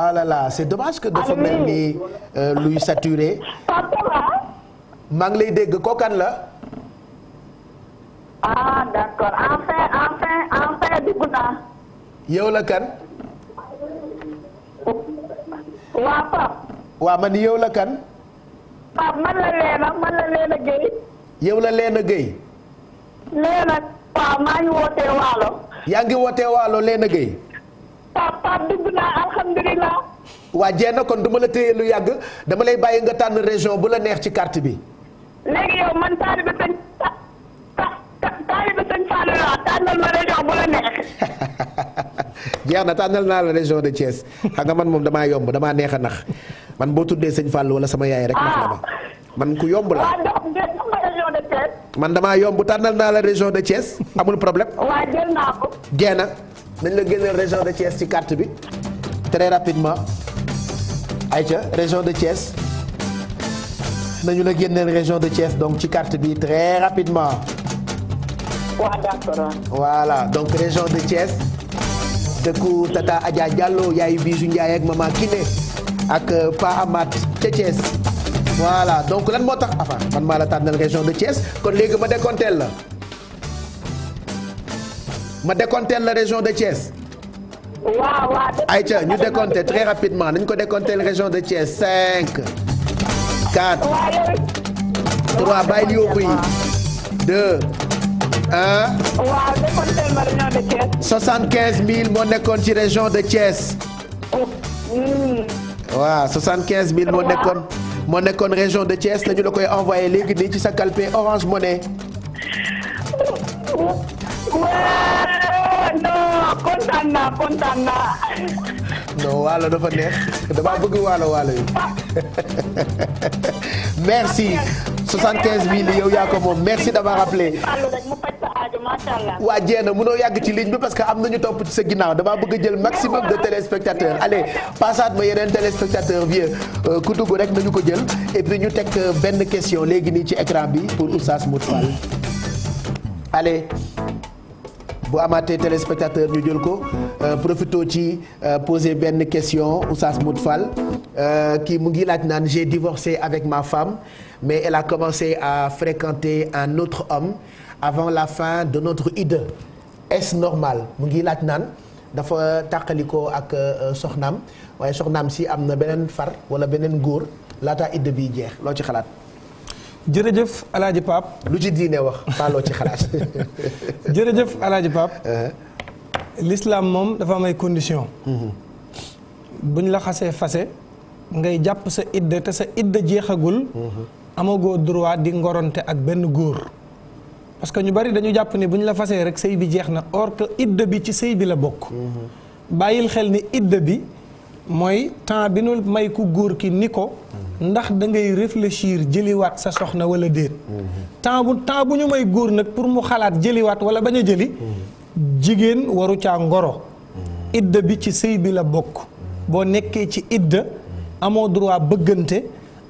ah là là c'est dommage que dafa mel ni euh, luy saturé. maa ngi lay dégg kookan la. ah d'accord enfin enfin enfin dugg naa. yow la kan. waa Pape. waa man yow la kan. Pape man la Léna man la Léna Guèye. yow na Leena Gueye. Leena waaw maa ngi wootee Waalo. yaa ngi wootee Waalo Leena Gueye. papa dugg naa alhamdulilah. waa jeex na kon du la téye lu yàgg dama lay bàyyi nga tànn région bu la neex ci carte bi. léegi jeex na tànnal naa la région de Thiès xam nga man moom damaa yomb damaa neex a nax man boo tuddee sëñ fàll wala sama yaay rek. nax na ma ah. man ku yomb la man damaa yomb tànnal naa la région de Thiès amul problème. waaw jël dañ la génneel région de Thiès ci carte bi très rapidement ayca région de Thiès nañu la génneel région de Thiès donc ci carte bi très rapidement. waaw donc région de Thiès dëkku Tata Adja Diallo yaayu Bijou Ndiaye ak Mama Kiné ak euh, Pa Amath ca Thiès. voilà donc lan moo tax enfin man maa la tànnal région de Thiès kon léegi ma décompteel la ma décompteel la région de Thiès. waaw waaw. ayca ñu décompté très rapidement nañu ko décompteel région de Thiès 5 4 3 bàyyi li yóbbu yi 2 1. waaw décompteel ma région de Thiès. 75000 moo nekkoon ci région de Thiès. Hmm. quinze 75000 moo nekkoon. moo nekkoon région de Thiès dañu la koy envoyé léegi li ci sa calpe Orange Money. non kontaan naa kontaan naa. waalo dafa neex damaa bëgg waalo waalo yi. merci 75 000 yow yaa ko moom merci d'avoir appelé. waa mu noo yàgg ci ligne bi parce que am na ñu topp ci sa ginnaaw damaa bëgg a jël maximum de téléspectateurs allez passaat ma yeneen téléspectateur vieux euh, ku dugg rek nañu ko jël et ñu teg euh, benn question léegi nii ci écran bi pour Oustaz Modou Fall allez bu amaatee téléspectateur ñu jël ko euh, profito ci euh, poser benn question Oustaz Mout Fall euh, kii mu ngi laaj naan j'ai divorcé avec ma femme mais elle a commencé à fréquenter un autre homme avant la fin de notre idée est-ce normal mu ngi laaj naan dafa tàqalikoo ak soxnaam waaye soxnaam si am na beneen far wala beneen góor laata idée bi jeex loo ci xalaat jërëjëf alaaji Pape. lu ci diine wax baaloo ci xalaat. jërëjëf alaaji Pape. Uh-huh. lislaam moom dafa am ay condition mm-hmm. buñ la xasee fase ngay jàpp sa idda te sa idda jeexagul. Mm-hmm. amagoo droit di ngoronte ak benn góor. parce que ñu bari dañu jàpp ni buñ la fasee rek sëy bi jeex na or que idda bi ci sëy bi la bokk. Mm-hmm. bàyyil xel ni idda bi. mooy temps bi nu may ku góor ki ni ko mm-hmm. ndax dangay ngay réfléchir jëliwaat sa soxna wala déet mm-hmm. temps bu temps bu ñu may góor nag pour mu xalaat jëliwaat wala bañ a jëli mm-hmm. jigéen waru caa ngoro idda bi ci sëy bi la bokk boo nekkee ci idda amoo droit bëggante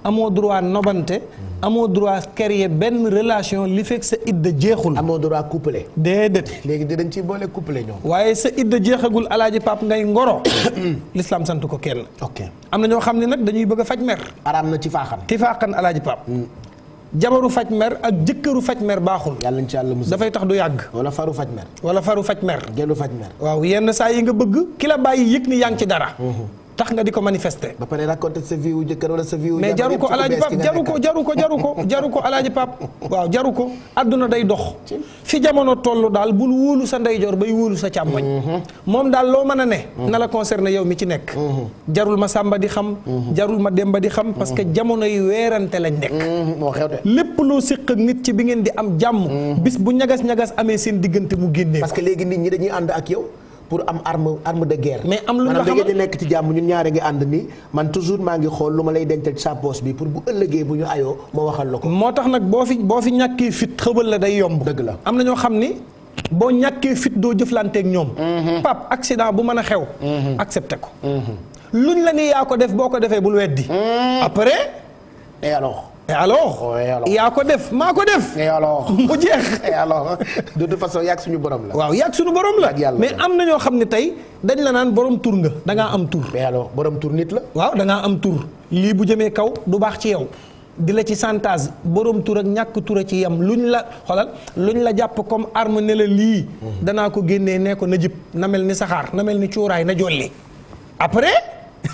amoo droit nobante amoo droit créer benn relation li fekk sa idda jeexul. amoo droit couplé. déedéet. léegi dinañ ci boole couplé ñoom. waaye sa idda jeexagul alaaji pap ngay ngoro. l'islam sant ko kenn. ok am na ñoo xam ne nag dañuy bëgg faj mer. araam na ci faaxan. ci faaxan alaaji pap mm. jabaru faj mer ak jëkkëru faj mer baaxul. yàlla na ci yàlla musal dafay tax du yàgg. wala faru faj mer. wala faru faj mer. gelu faj mer. waaw yenn saa yi nga bëgg ki bàyyi yëg ni yaa ngi ci dara. Mm-hmm. tax nga di ko manifester. ba pare raconter sa vie wu jëkkër wala sa vie wu mais jaru ko alaaji pap jaru ko jaru ko jaru ko jaru ko alaaji pap waaw jaru ko àdduna day dox fi jamono toll daal bul wóolu sa ndeyjoor bay wóolu sa càmmoñ mhm. moom daal loo mën a ne mhm. na la concerné yow mi ci nekk mhm. jarul ma sàmba di xam jarul ma demba di xam parce que jamono yi weerante lañ nekk lépp loo séq ak nit ci bi ngeen di am jàmm bis bu ñagas-ñagas amee seen diggante mu génnee parce que léegi nit ñi dañuy ànd ak yow pour am arme arme de guerre. mais am lu nga xam di nekk ci jàmm ñun ñaare ngi ànd ni man toujours maa ngi xool lu ma lay dencal ci sa poche bi pour bu ëllëgee bu ñu ayoo ma waxal la ko. moo tax nag boo fi boo fi ñàkkee fit xëbal la day yomb. dëgg la am na ñoo xam ni boo ñàkkee fit doo jëflanteeg ñoom. Mm-hmm. pap accident bu mën a xew. Mm-hmm. accepté ko. Mm-hmm. luñ la ni yaa ko def boo ko defee bul weddi. après et alors. et eh, oh, eh, alors. yaa ko def maa ko def. et eh, alors mu jeex. et alors de toute yàgg suñu borom la. waaw yàgg suñu borom la. mais am na ñoo xam ne tey dañ la naan borom tur nga dangaa am tur. mais alors borom nit la. waaw da am tur lii bu jëmee kaw du baax ci yow. di la ci chantage borom tur ak ñàkk tur a ci yam lu ñu la xoolal ñu la jàpp comme arme ne la lii. Mhm. danaa ko génnee nee ko na jib na mel ni saxaar na mel ni cuuraay na jolli. après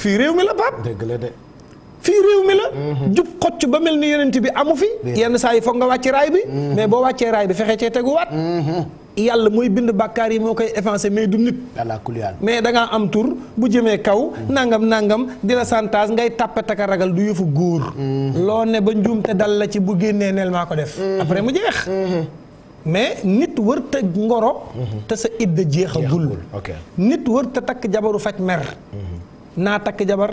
fii réew mi la baab. dëgg de. fii réew mi la. Mhm. jub xocc ba mel ni yonent bi amu fi. yenn saa yi foog nga wàcc raay bi. Mhm. mais boo wàccee raay bi fexe cee teguwaat. Mhm. yàlla mooy bind bàkkaar yi moo koy effacé mais du nit. mais da ngaa am tur bu jëmee kaw. nangam nangam di la santaas ngay tàppataka ragal du yëfu góor. loo ne ba te dal la ci bu génnee neel maa ko def. après mu jeex. mais nit wër te ngoro. te sa idda jeexagul. nit wër te takk jabaru faj mer. naa takk jabar.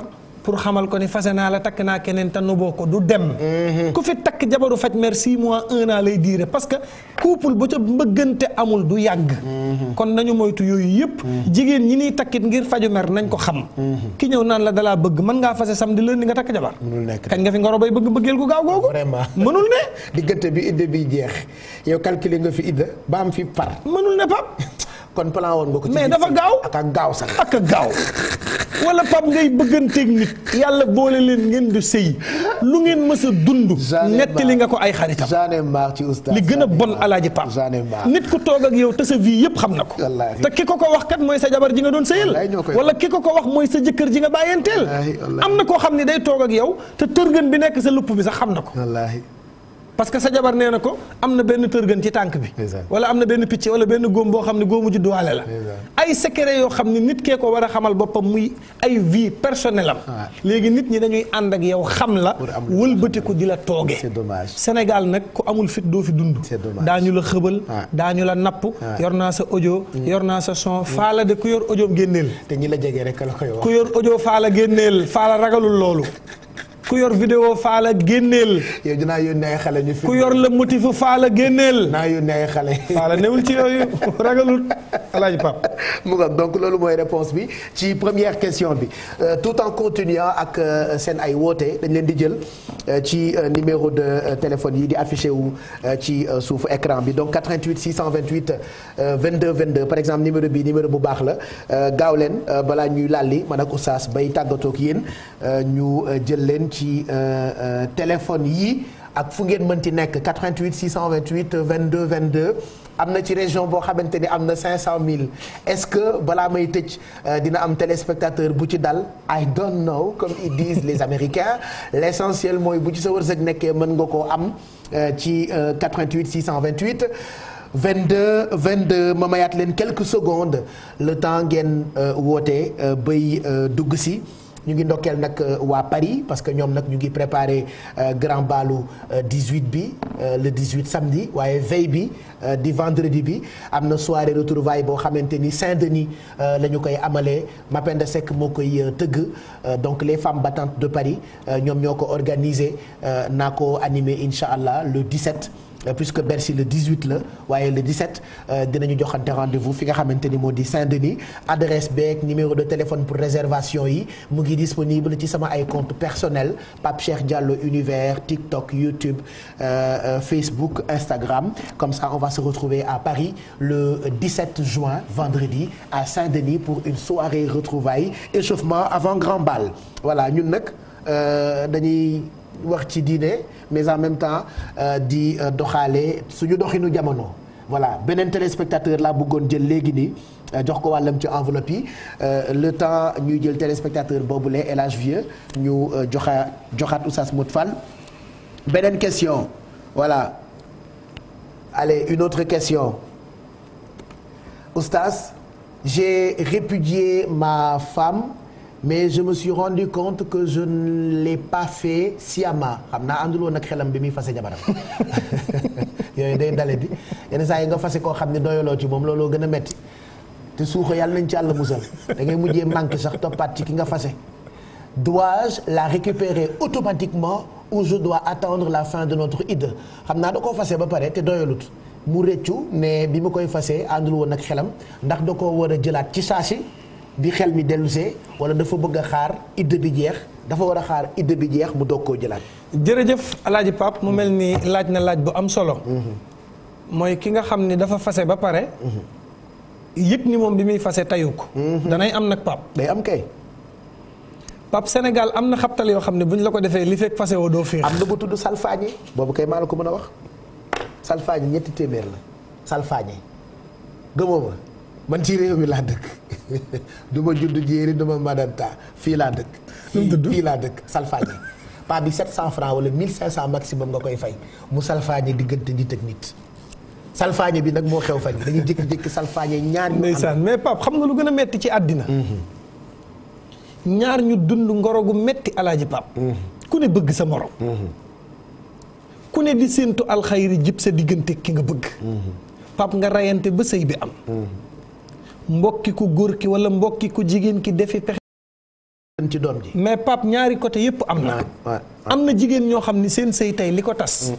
pour xamal ko ni fase naa la takk naa keneen te noboo ko du dem mm-hmm. ku fi takk jabaru faj mer six mois un an lay diire parce que couple ba ca mbëggante amul du yàgg mm-hmm. kon nañu moytu yooyu yëpp mm-hmm. jigéen ñi nii takkit ngir faju mer nañ ko xam ki ñëw naan la dalaa bëgg mën ngaa fase sam samedi lundi nga takk jabar kañ nga fi ngoro bay bëgg bëggeel gu gaaw googu vraiment mënul ne diggante bi idda bi jeex yow calculer nga fi idda ba am fi par mënul ne pap kon plan woon nga ko ci mais dafa gaaw ak gaaw sax ak a gaaw wala pap ngay bëgganteeg nit yàlla boole leen ngeen di sëy lu ngeen mës a dund nettali nga ko ay xaritam li gën a bon alaaji pap nit ku toog ak yow te sa vie yëpp xam na ko te ki ko ko wax kat mooy sa jabar ji nga doon sëyal wala ki ko ko wax mooy sa jëkkër ji nga bàyyenteel am na koo xam ne day toog ak yow te tërgën bi nekk sa lupp bi sax xam na ko parce que sa jabar nee na ko am na benn tërgën ci tànk bi wala am na benn picc wala benn góom boo xam ne góomu ju duwaale la ay secret yoo xam ne nit kee ko war a xamal boppam muy ay vie personnelle am ah. léegi nit ñi dañuy ànd ak yow xam la wëlbatiku di la toogee Sénégal nag ku amul fit doo fi dund daa ñu la xëbal ah. daañu la napp ah. yor naa sa audio mm. yor naa sa son mm. faala de ku yor audio génneel te la jege rek la ku yor audio faala génneel faala ragalul loolu ku yor vidéo faala génneel. yow dinaa yónnee ay xale ñu fi. ku yor le motif faala génneel. naa yónnee ay xale. faala newul ci yooyu ragalul alaaji mu nga donc loolu mooy réponse bi ci première question bi euh, tout en continuant ak euh, seen ay woote dañ leen di jël euh, ci numéro de téléphone yi di affiché wu ci suuf écran bi donc 88 628 22 22 par exemple numéro bi numéro bu baax la gaaw leen balaa ñuy làlli man ak oustaz bay tàggatoo ak yéen ñu jël leen. ci euh, euh, téléphone yi ak fu ngeen mën ci nekk 88 628 22 22 am na ci région boo xamante ni am na 500000 est-ce que balaa may tëj euh, dina am téléspectateur bu ci dal I don't know comme ils disent les Américains l'essentiel mooy bu ci sa wërsëg nekkee mën nga koo am ci 88 628. 22 22 ma mayaat leen quelques secondes le temps ngeen woote bay dugg si. ñu ngi ndokkeel nag euh, waa Paris parce que ñoom nag ñu ngi préparé euh, grand balu 18 euh, bi le 18 samedi waaye veille bi di vendredi bi am na soirée retrouvaille boo xamante ni Saint-Denis la ñu koy amalee Mapenda Seck moo koy tëgg donc les femmes battantes de Paris ñoom ñoo ko organisé naa ko animé incha allah le 17. Euh, puisque Bercy le 18 la waaye le 17 euh, dinañu joxante rendez-vous fi nga xamante ni moo di Saint-Denis adresse beeg numéro de téléphone pour réservation yi mu ngi disponible ci sama ay compte personnel Pape Cheikh Diallo Univers TikTok YouTube euh, Facebook Instagram comme ça on va se retrouver à Paris le 17 juin vendredi à Saint-Denis pour une soirée retrouvailles échauffement avant grand bal voilà ñun nag dañuy wax ci diine mais en même temps euh, di euh, doxaale suñu doxinu jamono voilà beneen téléspectateur la bëggoon jël léegi nii euh, jox ko wàllam ci enveloppe yi le temps ñuy jël téléspectateur boobule El Hadj Vieux ñu joxa joxaat Oustaz Modou Fall beneen question voilà allez une autre question Oustaz j'ai répudié ma femme mais je me suis rendu compte que je ne l'ai pas fait sciemment xam naa ànduloon ak xelam bi muy fase jabaram yooyu day dale bi yenn saa yi nga fase koo xam ne doyaloo ci moom looloo gën a metti te suuxa yàlla nañ ci àll musal da ngay mujjee manque sax toppaat ci ki nga fase dois-je la récupérer automatiquement ou je dois attendre la fin de notre idée xam naa da koo fase ba pare te doyalut mu rëccu ne bi ma koy fase àndul woon ak xelam ndax da ko war a jëlaat ci saasi bi xel mi dellusee wala dafa bëgg xaar idée bi jeex dafa war a xaar idée bi jeex mu dog koo jëlaat. jërëjëf alaaji Pape mu mel nii laaj na laaj bu am solo. Mhm. mooy ki nga xam ni dafa fase ba pare. Mhm. yëpp ni moom bi muy fase tayu ko. Mhm. danay am nag Pape. day am kay. Pape senegal am na xabtal yoo xam ne bu ñu la ko defee li fekk fase woo doo féex. am na bu tudd salfaañe boobu kay maa la ko mën a wax salfaañe ñetti téeméer la salfaañe gëmoo ma man ci réew mi laa dëkk du ma judd jéeri du madanta fii laa dëkk. fii laa dëkk salfaañi paa bi 700 francs wala 1500 maximum nga koy fay mu salfaañi diggante nit ak nit. salfaañe bi nag moo xew fan dañuy jékki-jékki salfaañe ñaar ñu. ndeysaan mais Pape xam nga lu gën a metti ci àddina. ñaar ñu dund ngoro gu metti alaaji Pape. Mm-hmm. ku ne bëgg sa morom. Mm-hmm. ku ne di séentu alxayri jib sa diggante ki nga bëgg. Mm-hmm. Pape nga rayante ba sëy bi am. mbokki ku góor ki wala mbokki jigéen ki defi pexe ci doom ji mais Pape ñaari côté yëpp am na am na jigéen ñoo xam ni seen sëy tey li ko tas mm.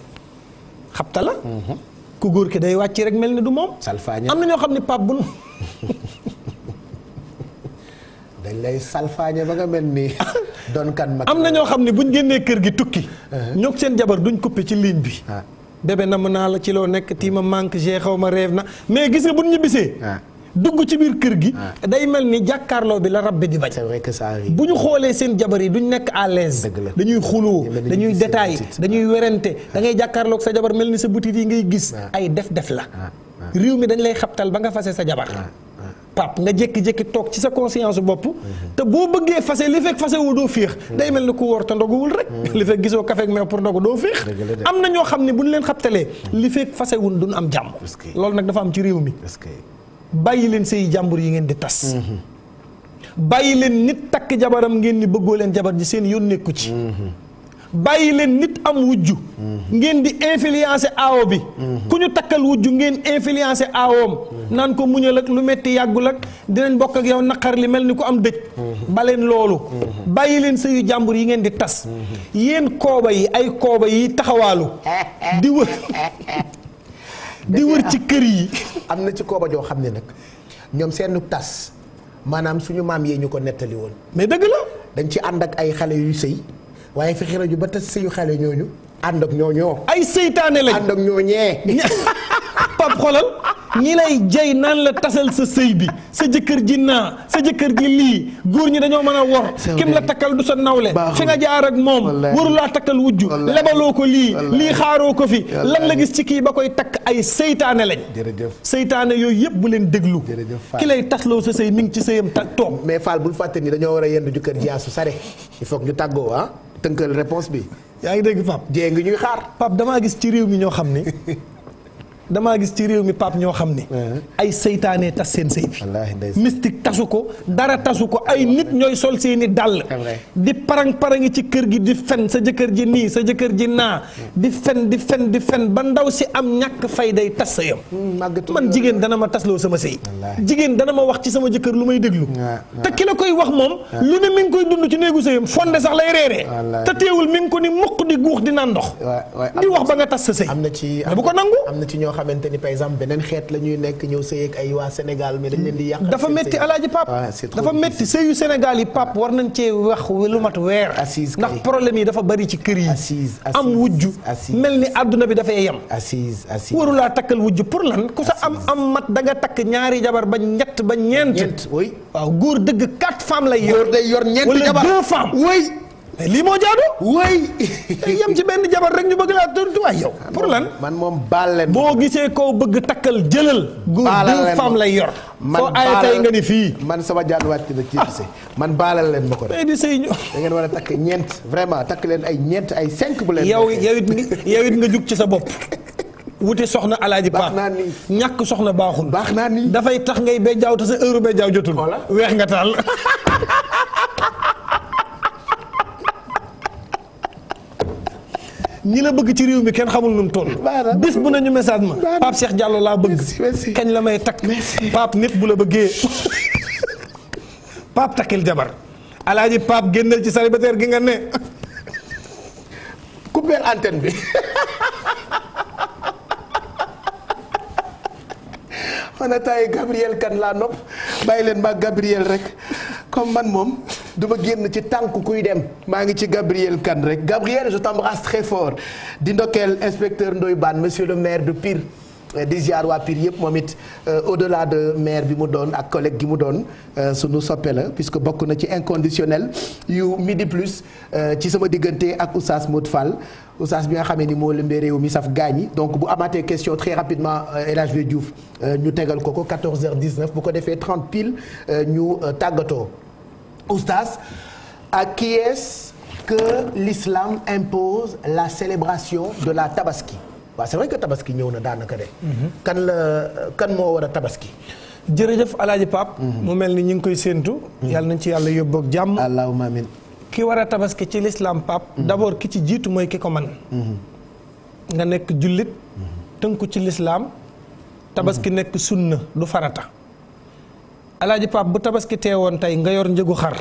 xabta mm-hmm. ku góor ki day wàcc rek mel ni du moom salfaañe am na ñoo xam ni Pape bu dañ lay salfaañe ba nga mel ni doon kan mag am na ñoo xam ne buñ génnee kër gi tukki uh-huh. ñoo seen jabar duñ coupé ci ligne bi na ah. namm naa la ci loo nekk tiima manque gé xaw ma réew na mais gis nga buñ ñibbisee ah. dugg ci biir kër gi. Ah. day mel ni jàkkaarloo bi la rab bi di bañ. c'est vrai que bu ñu xoolee seen jabar yi duñ nekk à l'aise dañuy xuloo dañuy détaillé ah. dañuy werante da ngay jàkkaarloog sa jabar mel ni sa butit yi ngay gis. Ah. ay def-def la. réew mi dañ lay xabtal ba nga fase sa jabar. pap nga jékki-jékki toog ci sa conscience bopp mm-hmm. te boo bëggee fase li fekk fase woo doo féex mm-hmm. day mel ni ku woor te ndoguwul rek mm-hmm. li fekk gisoo café ak meew pour ndogu doo féex am na ñoo xam ne bu ñu leen xabtalee li fekk fase wun duñ am jàmm loolu nag dafa am ci réew mi bàyyi leen sëy jàmbur yi ngeen di tas. bàyyi leen nit takk jabaram ngeen ni bëggoo leen jabar ji seen yoon nekku ci. bàyyi leen nit am wujj ngeen di influencer aawo bi ku ñu takkal wujju ngeen influencer aawoom naan ko muñal ak lu metti yàggul ak dinañ bokk ak yow naqar li mel ni ku am dëj baleen loolu bàyyi leen sëyu jàmbur yi ngeen di tas yéen kooba yi ay kooba yi taxawaalu di wër di wër ci kër yi. am na ci kooba joo xam ne nag ñoom seenu tas maanaam suñu maam yee ñu ko nettali woon. mais dëgg la. dañ ci ànd ak ay xale yu sëy waaye fexe nañu ba tas sëyu xale ñooñu. ànd ak ñooñoo. ay seytaane lañ ànd ak ñooñee. pap xolal. ñi lay jay naan la tasal sa sëy bi sa jëkkër ji naa sa jëkkër ji lii góor ñi dañoo mën a wor kim la takkal du sa nawle fi nga jaar ak moom warulaa takkal wujj lebaloo ko lii lii xaaroo ko fi lan la gis ci kii ba koy takk ay seytaane lañ seytaane yooyu yëpp bu leen déglu ki lay tasloo sa sëy mi ngi ci sëyam tak toog mais Fall bul fàtte ni dañoo war a yendu ju kër su sare il faut ñu tàggoo ah tënkal réponse bi yaa ngi dégg Pape jéeg ngi ñuy xaar Pape damaa gis ci réew mi ñoo xam ni damaa gis ci réew mi pap ñoo xam ne. Eh. ay seytaane tas seen sëy bi. mystique tasu ko dara tasu ko ay nit ñooy sol seeni dàll. di parang parangi ci kër gi di fen sa jëkkër ji nii sa jëkkër ji naa. Hmm. di fen di fen di fen ba ndaw si am ñàkk fay day tas sa yam hmm, man jigéen dana ma tasloo sama sëy jigéen dana ma wax ci sama jëkkër lu may déglu. Ah, ah. te ki la koy wax moom. Ah. lu ne mi ngi koy dund ci néegu sëyam fonde sax lay reeree. te teewul mi ko ni mukk di guux di naan ndox. di wax ba nga tas sa sëy bu ko nangu xamante ni par exemple xeet la ñuy nekk ñëw sëy ak ay waa Sénégal mais dañ leen di yàq. dafa métti alaaji Pape dafa métti sëyu Sénégal yi Pape war nañ cee wax lu mat weer. ndax problème yi dafa bari ci kër yi. am wujju mel ni àdduna bi dafay yem. assise assise warulaa takkal wujju pour lan ku sa am am mat danga takk ñaari jabar ba ñett ba ñeent. ñeent waaw góor dëgg quatre fem lay yor. góor day yor lii moo jaadu. way yem ci benn jabar rek ñu bëgg laa tontu waay yow. pour lan man moom baal leen boo gisee koo bëgg takkal jëlal. góor deux femme lay yor. man foo aye nga ni fii. man sama jaan wàcc na ci man baalal leen ma ko de. di sëy ngeen war a takk ñeent vraiment takk leen ay ñeent ay cinq bu yow yow it yow it nga jug ci sa bopp. wute soxna alaaji paa ñàkk soxna baaxul. baax naa nii dafay tax ngay bejjaaw te sa heure bejjaaw jotul. weex nga taal. ñi la bëgg ci réew mi kenn xamul nu mu toll. bis bu nañu message ma Pape Cheikh Diallo laa bëgg. kañ la may takk. Pape nit bu la bëggee Pape takkil jabar. alaaji Pape génnal ci célibataire gi nga ne. couper antenne bi. man a taay Gabriel kan laa nopp bàyyi leen ma Gabriel rek comme man moom du génn ci tànk kuy dem maa ngi ci Gabriel kan rek Gabriel je t'embrasse très fort di ndokkeel inspecteur ndoy Bane monsieur le maire de Pire eh, di ziar waa Pire yëpp moom it euh, au-delà de maire bi mu doon ak collègue gi mu doon euh, sunu soppe la puisque bokk na ci inconditionnel yu midi plus euh, ci sama diggante ak Oustaz Modou Fall oustaz bi nga xamee ni moo lëmbee réew mi saf gaañ yi donc bu amaatee question très rapidement euh, El Hadj Diouf euh, ñu tegal ko ko 14h19 bu ko defee 30 pile euh, ñu tàggatoo oustaz à qui est-ce que l'islam impose la célébration de la tabaski waa c'est vrai que tabaski ñëw na daanaka de. Mhm. kan la kan moo war a tabaski. jërëjëf Alaaji Pape. Mhm. mu mel ni ñu ngi koy séentu. Mhm. yàlla nañ ci yàlla yóbbook ak jàmm. allahumma amin ki war a tabaski ci lislaam pap mhm. d'abord ki ci jiitu mooy ki ko man mhm. nga nekk jullit mhm. tënku ci lislaam tabaski nekk sunna du farata alaaji pap bu tabaski teewoon tey nga yor njëgu xar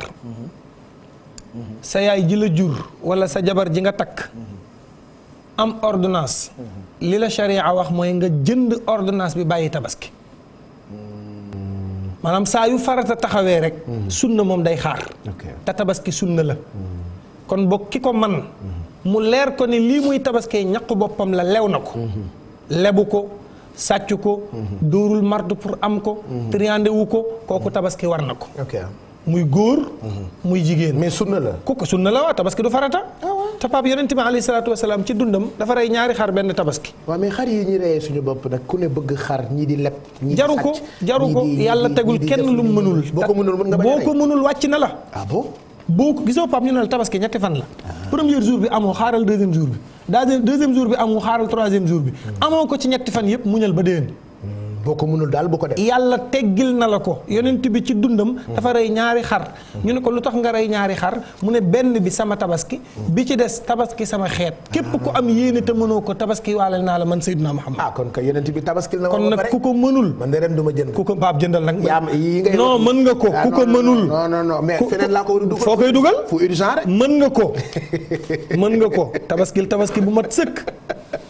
sa yaay ji la jur wala sa jabar ji nga takk am ordinance li la charia wax mooy nga jënd ordonnance bi bàyyi tabaski maanaam saa yu farata taxawee rek. Mm-hmm. sunna moom day xaar. te tabaski sunna la. Mm-hmm. kon boog ki ko man mm-hmm. mu leer ko ne lii muy tabaskee ñaqu boppam la lew na ko. lebu ko sàcc ko. dóorul mardu pour am ko. triandé ko kooku tabaski war na ko. muy góor. muy jigéen mais sunna la. ku ko sunna la waaw tabaski du farata. Ah te Pape yonent bi alayhi salaatu wasalaam ci dundam dafa rey ñaari xar benn tabaski. waaw mais xar yi ñuy reyee suñu bopp nag ku ne bëgg di leb. ñii di jaru ko jaru ko yàlla tegul kenn lu mu mënul. boo ko mënul mën nga bañ a rey boo ko wàcc na la. Ah boo ko gisoo Pape ñu ne la tabaski ñetti fan la. Ah. premier jour bi amoo xaaral deuxième jour bi. deuxième jour bi amoo xaaral troisième jour bi. Hmm. amoo ko ci ñetti fan yëpp muñal ba déwén boo ko mënul daal bu ko def. yàlla teggil na la ko yonent bi ci dundam. dafa rey ñaari xar. ñu ne ko lu tax nga rey ñaari xar mu ne benn bi sama tabaski. bi ci des tabaski sama xeet. képp ku am yéene te mënoo ko tabaski waale naa la man Seydina Muhammad. ah kon kay yonent bi tabaskil na kon nag ku ko mënul. man de ren ma jënd ku ko baab jëndal nag. yaa yi ngay non mën nga ko ah, ku ko mënul. non non non mais feneen laa ko war dugal foo koy dugal. mën nga ko mën nga ko tabaskil tabaski bu mat sëkk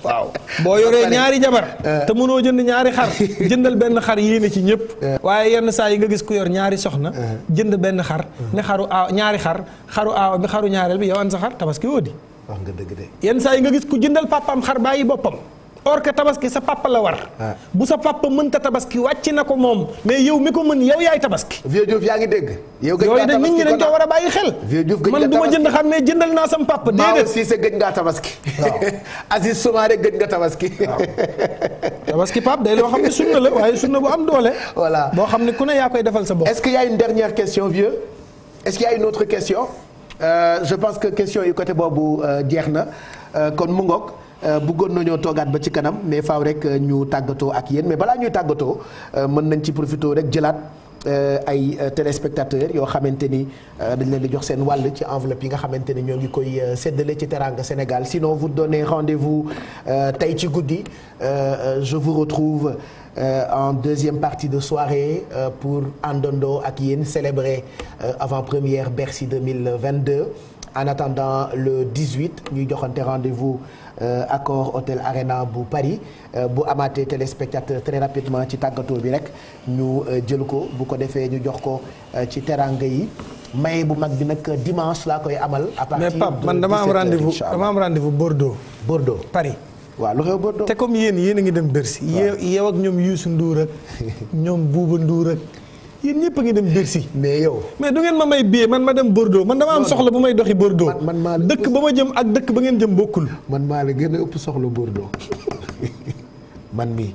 waaw boo yoree ñaari jabar te mënoo jënd ñaari xar jëndal benn xar yéene ci ñëpp waaye yenn saa yi nga gis ku yor ñaari soxna uh-huh. jënd benn xar uh-huh. ne xaru aaw ñaari xar xaru aaw bi xaru ñaareel bi yow an sa xar tabaski woo di dëgg yenn saa yi nga gis ku jëndal papaam xar bàyyi boppam or que tabaski sa papa la war. Ah. bu sa papa mënta tabaski wàcc na ko moom mais yow mi ko mën yow yaay tabaski. vieux yaa ngi dégg. yow gëj ngaa tabaski nit war a ah. bàyyi xel. vieux Diouf gëj man du ma jënd xam ne jëndal naa sam papa. déedéet Maodo Cissé gëj ngaa tabaski. waaw Aziz Soumaré gëj nga tabaski. tabaski pap day loo xam ne sunna la waaye sunna bu am doole. voilà boo xam ne ku ne yaa koy defal sa bopp. est-ce qu'il y a une dernière question vieux est-ce qu'il y une autre question. Euh, je pense que question yi côté boobu euh, jeex na euh, kon mu Euh, bëggoon nañoo toogaat ba ci kanam mais faaw rek euh, ñu tàggatoo ak yéen mais balaa ñuy tàggatoo euh, mën nañ ci profité rek jëlaat ay téléspectateurs yoo xamante ni dañ leen di jox seen wàll ci enveloppe yi nga xamante ni ñoo ngi koy séddale ci Teranga Sénégal sinon vous donnez rendez-vous tey ci guddi je vous retrouve en deuxième partie de soirée pour àndandoo ak yéen célébrer euh, avant-première Bercy 2022 en attendant le 18 ñuy joxante rendez-vous Euh, accord hôtel Arena bu Paris euh, bu amaatee téléspectateur très rapidement ci tàggatoo bi rek ñu euh, jël ko bu ko defee ñu jox ko ci teranga yi maye bu mag bi nag dimanche laa koy amal. à partir de 17h mais Pape man dama am rendez-vous dama am rendez-vous Bordeaux. Bordeaux Paris. waaw lu xew Bordeaux. te comme yéen yéen a ngi dem Bercy. waaw yow ak ñoom Youssou Ndour ak ñoom Bouba nduur ak. yéen ñëpp a ngi dem Bercy. mais yow mais du ngeen ma may billet man ma dem Bordeaux man dama am soxla bu may doxi Bordeaux. man maa dëkk ba ma jëm ak dëkk ba ngeen jëm bokkul. man maa la gën a ëpp soxla Bordeaux man mii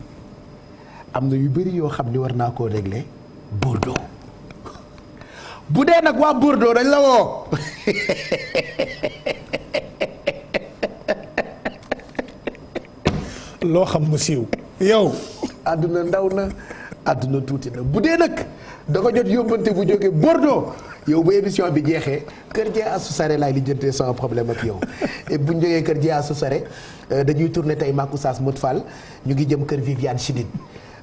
am na yu bari yoo xam ni war naa koo régler Bordeaux bu dee nag waa Bordeaux dañ la woo. loo xam mu siiw yow. àdduna ndaw na àdduna tuuti na bu dee nag. da nga jot yóbbante bu jógee Bordeaux yow bu émission bi jeexee kër jee su sare laay lijjantee sans problème ak yow bu ñu jógee kër jee asu sare euh, dañuy tourné tey Makou Sass Modou Fall ñu ngi jëm kër Viviane Chidid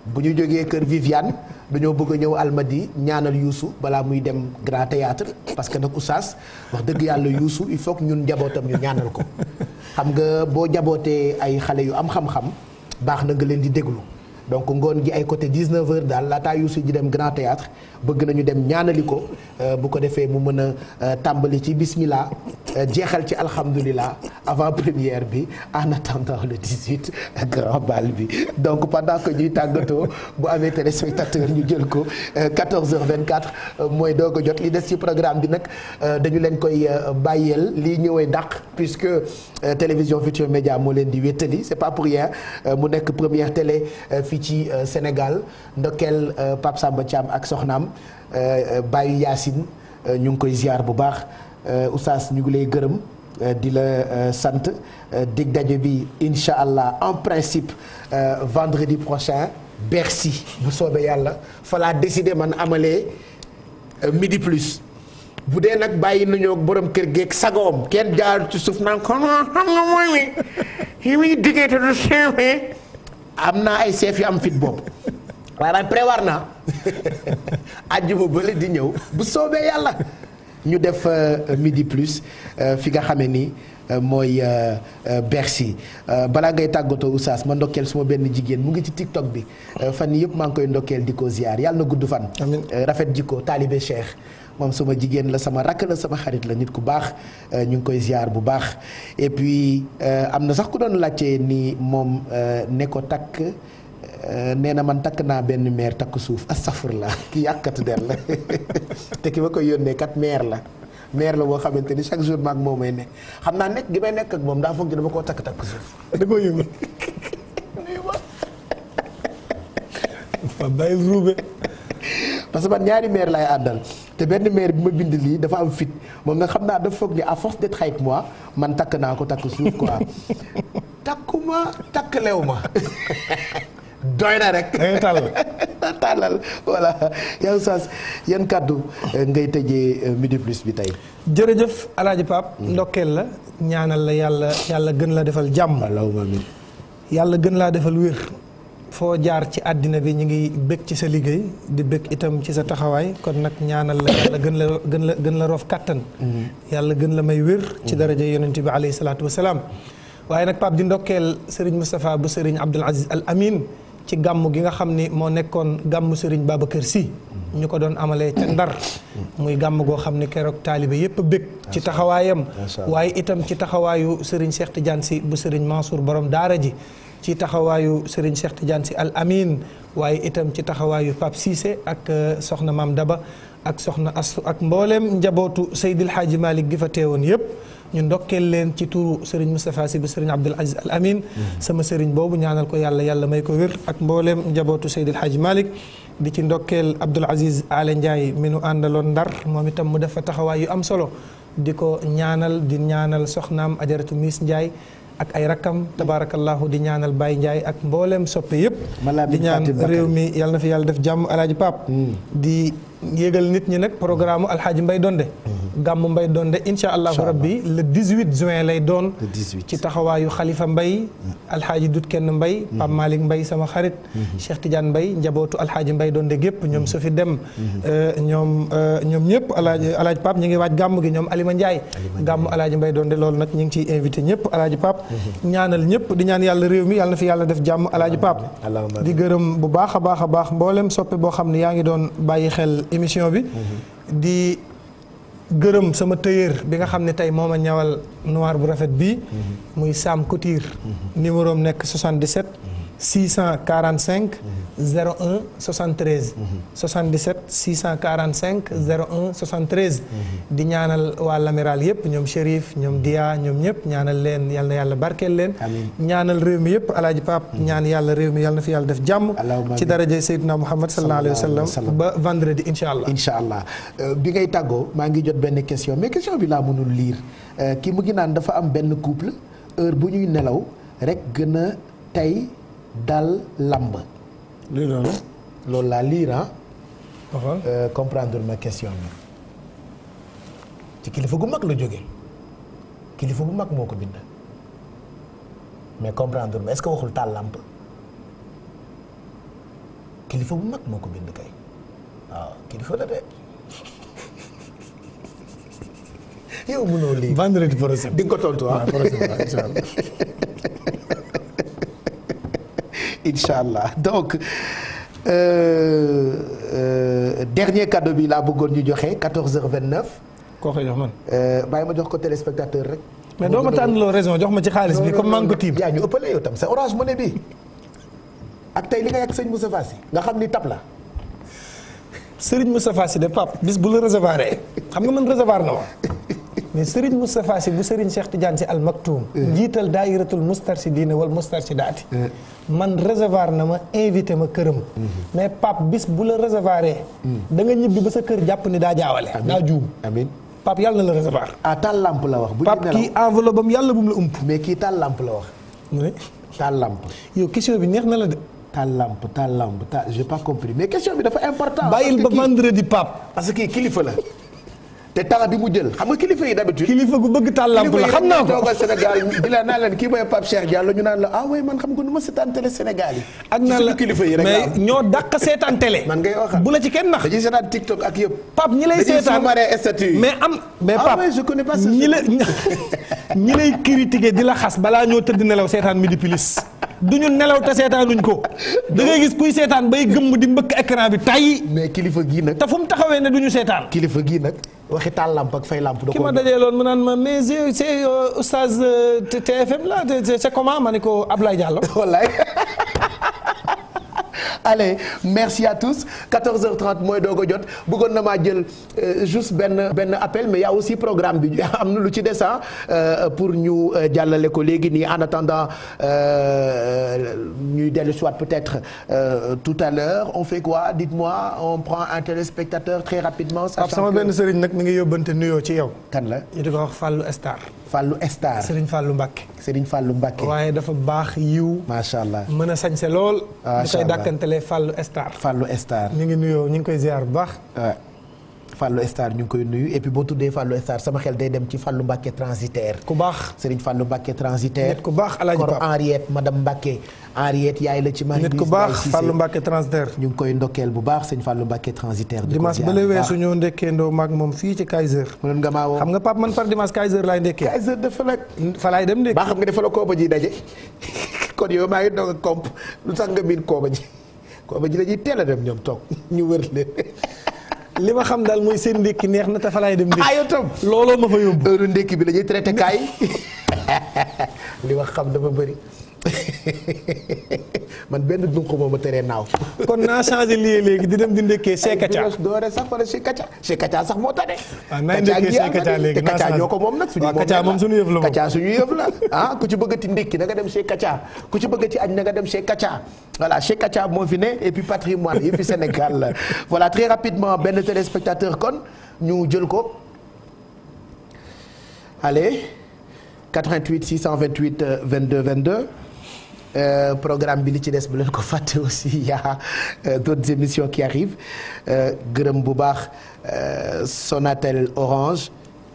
bu ñu jógee kër Viviane dañoo bëgg a ñëw Almadi ñaanal Youssou balaa muy dem Grand Théâtre parce que nag Oustaz wax dëgg yàlla Youssou il faut ñun njabootam ñu ñaanal ko xam nga boo njabootee ay xale yu am xam-xam baax na nga leen di déglu donc ngoon gi ay côté 19h daal laataa Youssou ji dem Grand Théâtre bëgg nañu dem ñaanali ko euh, bu ko defee bu mën a euh, tàmbali ci bismillah euh, jeexal ci alxamdulillah avant première bi en attendant le 18 grand bal bi donc pendant que ñuy tàggatoo bu amee téléspectateur ñu jël ko 14h24 mooy doog jot li des ci programme bi nag dañu leen koy bàyyeel lii ñëwee dàq puisque télévision Futurs Médias moo leen di wéttali c'est pas pour rien mu nekk première télé fii fii ci euh, Sénégal ndokkeel euh, Pape Samba Thiam ak soxnaam euh, Baye Yacine ñu ngi koy ziar bu baax oustaz ñu ngi lay gërëm di la sant dig daje bi incha allah en principe vendredi prochain Bercy bu soobee yàlla fa laa décidé man amalee midi plus. bu dee nag bàyyi nañoo borom kër geeg sagoom kenn jaarul ci suuf naan ko xam nga mooy mi yi muy diggante du seemee am naa ay chef yu am fit boobu waaye man prévoir naa àjjuma di ñëw bu soobee yàlla ñu def euh, midi plus euh, fi nga xamee ni euh, mooy Bercy balaa ngay tàggatoo Oustaz ma ndokkeel suma benn jigéen mu ngi ci TikTok bi fan yii yëpp maa ngi koy ndokkeel di ko ziar yàlla na gudd fan. rafet jikko taalibe Cheikh. moom sama jigéen la sama rakk la sama xarit la nit ku baax euh, ñu ngi koy ziar bu baax et puis euh, am na sax ku doon laajte nii moom euh, ne ko takk nee na man takk naa benn maire takk suuf la ki yàkkatu der la te ki ma koy yónnee kat maire la maire la boo xamante ni chaque jour moo may ne xam naa nekk gi may nekk ak moom daa foog ni dama koo takk takk suuf da koo yëngu parce que ñaari maire laay àndal te benn maire bi ma bind lii dafa am fit moom nga xam naa dafa foog ni à force d'être avec moi man takk naa ko takk suuf quoi takkuma takkalew ma doy na rek eh, tàllal voilà yow saas yan kàddu eh, ngay tëjee eh, midi plus bi tey jërëjëf alaaji Pape hmm. ndokkeel la ñaanal la yàlla yàlla gën la defal jàmm yàlla gën laa defal wér foo jaar ci àddina bi ñu ngi bëgg ci sa liggéey di bëgg itam ci sa taxawaay kon nag ñaanal la yàlla gën la gën la roof kàttan mm-hmm. yàlla gën la may wér ci mm-hmm. daraja yonent bi alayhi salaatu wasalaam waaye nag Pape di ndokkeel Serigne Moustapha bu Serigne Abdoul Aziz Al Amin ci gàmm gi nga xam ni moo nekkoon gàmmu Serigne kër si mm-hmm. ñu ko doon amalee ca Ndar muy gàmm goo xam ne keroog taalibe yépp bëgg ci taxawaayam waaye itam ci taxawaayu Serigne Cheikh Tidiane si bu Serigne Mansour borom daara ji ci taxawaayu Serigne Cheikh Tidiane si Al Amin waaye itam ci taxawaayu pap Cissé ak euh, soxna Maam Daba ak soxna asu ak mbooleem njabootu Seydil Hadji Malick gi fa teewoon yëpp ñu ndokkeel leen ci turu Serigne Moustapha Sy bu Serigne Abdoul Aziz Al Amin mm-hmm. sama Serigne boobu ñaanal ko yàlla yàlla may ko wér ak njabootu Seydil Hadji Malick di ci ndokkeel Abdoul Aziz Aale Ndiaye mi nu àndaloon ndar moom itam mu def fa taxawaay yu am solo di ko ñaanal di ñaanal soxnaam ajaratu Miss Ndiaye ak ay rakkam tabaarakallaahu di ñaanal Baye Ndiaye ak mbooleem soppee yëpp di ñaan réew mi yàlla na fi yàlla def jàmm alaaji Pape mm. di yégal nit ñi nag programme alxaaji mbay donde mhm. gàmmu mbay donde insha allahu rabbi le 18 juin lay doon ci taxawaayu xalifa mbay mhm. alxaaji dut kenn mbay mhm. Pape maalik mbay sama xarit Cheikh Tidiane mbay njabootu alxaaji mbay donde gépp ñoom Sofi Dem euh, ñoom euh, ñoom ñëpp alaaj alaaj Pape ñu ngi waaj gàmm gi ñoom Alima Ndiaye gàmmu alaaji mbay donde loolu nag ñu ngi ciy invité ñëpp alaaji Pape ñaanal ñëpp di ñaan yàlla réew mi yàlla fi yàlla def jàmm alaaji Pape di gërëm bu baax a baax a baax mboolem soppe boo xam ne yaa ngi doon bàyyi xel émission bi. di gërëm sama tailleur bi nga xam ne tey moo ma ñawal noir bu rafet bii. Mhm. muy Sam Couture. Mhm. numéro am nekk 77. cent 645 01 73 77 645 01 73 di ñaanal waa Lamiral yëpp ñoom Chérif ñoom Dia ñoom ñëpp ñaanal leen yal yàlla barkeel leen ñaanal réew mi yëpp alaaji Pape mhm. ñaan yàlla réew mi yàlla na fi yàlla def jàmm ci daraja Seydina Muhammad sallallahu alayhi wa sallam ba vendredi incha allah incha allah euh, bi ngay tàggoo maa ngi jot benn question mais question bi laa mënul liir euh, kii mu ngi naan dafa am benn couple heure bu ñuy nelaw rek gën dal lamb. lii loolu. laa liir ah. euh, comprendre ma question bi ci kilifa gu mag la jóge kilifa gu mag moo ko bind. mais comprendre ma est-ce waxul taal lamp kilifa bu mag moo ko bind kay waaw kilifa la de. yow mënoo lii di nga ko tontu ah. incha allah donc euh, euh, dernier cadeau bi laa bëggoon ñu joxe 14h29. koo koy jox man. Euh, bàyyi ma jox ko téléspectateur rek. mais doo ma loo raison jox ma ci xaalis bi comme maa ngi ko tiim. yaa ñu ëppale yow tam sa orange money bi ak tey li nga yàgg sëñ Moussa Fassi nga xam ni tab la. Serigne Moussa Fassi de Pape bis bu la recevoir xam nga man recevoir na ma. mais Serigne Moustapha si bu Serigne Cheikh Tidiane si al Maktoum. Eh. njiital daayiratul Moustarchidina wal Moustarchidaati eh. man recevoir na ma invité ma këram. Mhm. mais Pape bis bu la recevoir. Mm. da nga ñibbi ba sa kër jàpp ni daa jaawale. daa juum amiin Pape yàlla na la recevoir. ah taal lamp la wax. bu Pape kii enveloppe am yàlla bu mu la ump. mais kii taal làmp la wax. mu ne. taal lamp. yow question bi neex na la de. taal lamp taal lamp taal j'ai pas bi dafa important. bàyyil ba vendredi Pape. parce que kii kilifa la. te temps bi mu jël xam nga kilifa yi d'habitude kilifa gu bëgg tàllamp la xam naa ko toogal la naa leen kii mooy Pape Cheikh Diallo ñu naan la ah oui man nga nu ma seetaan télé Sénégal yi la kilifa yi rek mais ñoo dàq seetaan télé bu la ci kenn nax mais am mais ah Pape je connais pas ñi la ñi lay critiquer di la xas balaa ñoo tëdd nelaw seetaan midi plus du ñu nelaw te seetaanuñ ko da ngay gis kuy seetaan bay gëmm di mbëkk écran bi tàyyi mais kilifa gii nag te fu taxawee ne du ñu seetaan kilifa gii nag waxi taal lamp ak fay lamp da ko ki ma dajee loon mu naan ma mais c'est euh, oustaz euh, TFM la c'est comment ma ne ko Ablaye Diallo wallaay allez merci à tous mooy doo ko jot bëggoon na maa jël euh, juste benn benn appel mais y a aussi programme bi am na lu ci des euh, pour ñu euh, jàllale ko léegi nii en attendant ñuy dellu soit peut-être tout à l'heure on fait quoi dites-moi on prend un téléspectateur très rapidement. sachant sama benn sëriñ nag mi ngi yóbbante nuyoo ci yow. kan la ñu di ko wax Fallou Star. Fallou Star Serigne fàllu Mbacké. Serigne fàllu Mbacké. waaye dafa baax yiw. macha allah mën a sañ se lool. macha allah dàkkantalee Fallou Star. ñu ngi nuyoo ñu ngi koy ziar bu baax. Euh, Fallou ñu ngi koy nuyu et puis tuddee Fallou Star sama xel day dem ci Fallou Mbacké transitaire. ku baax Serigne Fallou Mbacké transitaire. nit ku baax El Hadj Pape Kor Henriette madame Mbacké. Henriette la ci Marie. ku baax Fallou Mbacké transitaire. ñu ngi koy ndokkeel bu baax sëñ Fallou Mbacké transitaire. di bu baax dimanche ba la weesu ñoo ndekkeendoo maag moom fii ci Kaiser. mënoon nga maa woo xam nga Pape man par dimanche Kaiser laay ndekkee. Kaiser dafa nag. fa laay dem ndekkee. baa xam nga dafa la kooba ji daje kon yow maa ngi doog a komp lu tax nga miin kooba ji kooba ji la ñuy teel a dem ñoom toog ñu wër leen. li ma xam daal mooy seen ndékki neex na te laay dem. Ah, ndékki ayoo tam looloo ma fa yóbbu. heure ndékki bi lañuy ñuy traité kaay li ma xam dafa bëri. man benn dunq moo ma teree naaw. kon naa changé lii léegi di dem di ndekkee see kaca ay doore sax wala see kaca see kaca sax moo tane. waaw ah, naay léegi naa kaca ñoo ko moom nag. suñu moom kaca moom suñu yëf la kaca suñu yëf la ah, ku ci bëggati ndekki na nga dem see kaca ku ci bëggati añ na nga dem see kaca voilà see kaca moo fi ne et puis patrimoine yëfi Sénégal la voilà très rapidement benn téléspectateur kon ñu jël ko allez 88 628 22 22. Euh, programme bi li ci des bu leen ko fàtte aussi y a euh, d'autres émissions qui arrivent euh, gërëm bu baax Sonatel Orange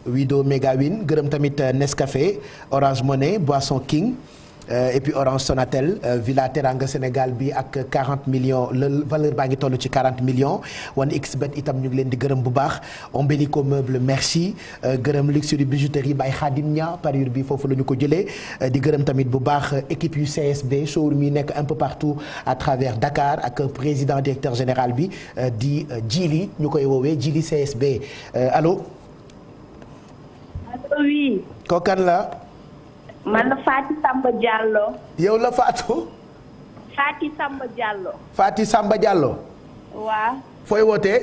Wido Megawin gërëm tamit Nescafé Orange Money Boisson King Euh, et puis Orange Sonatel euh, Villa Teranga Sénégal bi ak 40 millions la valeur baa ngi toll ci 40 millions wan xbet itam ñu ngi leen di gërëm bu baax Ombelico meuble merci euh, gërëm luxury bijouterie bay Khadim Nia parure bi foofu la ñu ko jëlee di gërëm tamit bu baax équipe yu CSB showroom yi nekk un peu partout à travers Dakar ak président directeur général bi di Djili ñu koy woowee Djili CSB allo. allo la. man Faty Samba Diallo. yow la Fatou. Faty Samba Diallo. Faty Samba Diallo. waaw. fooy wootee.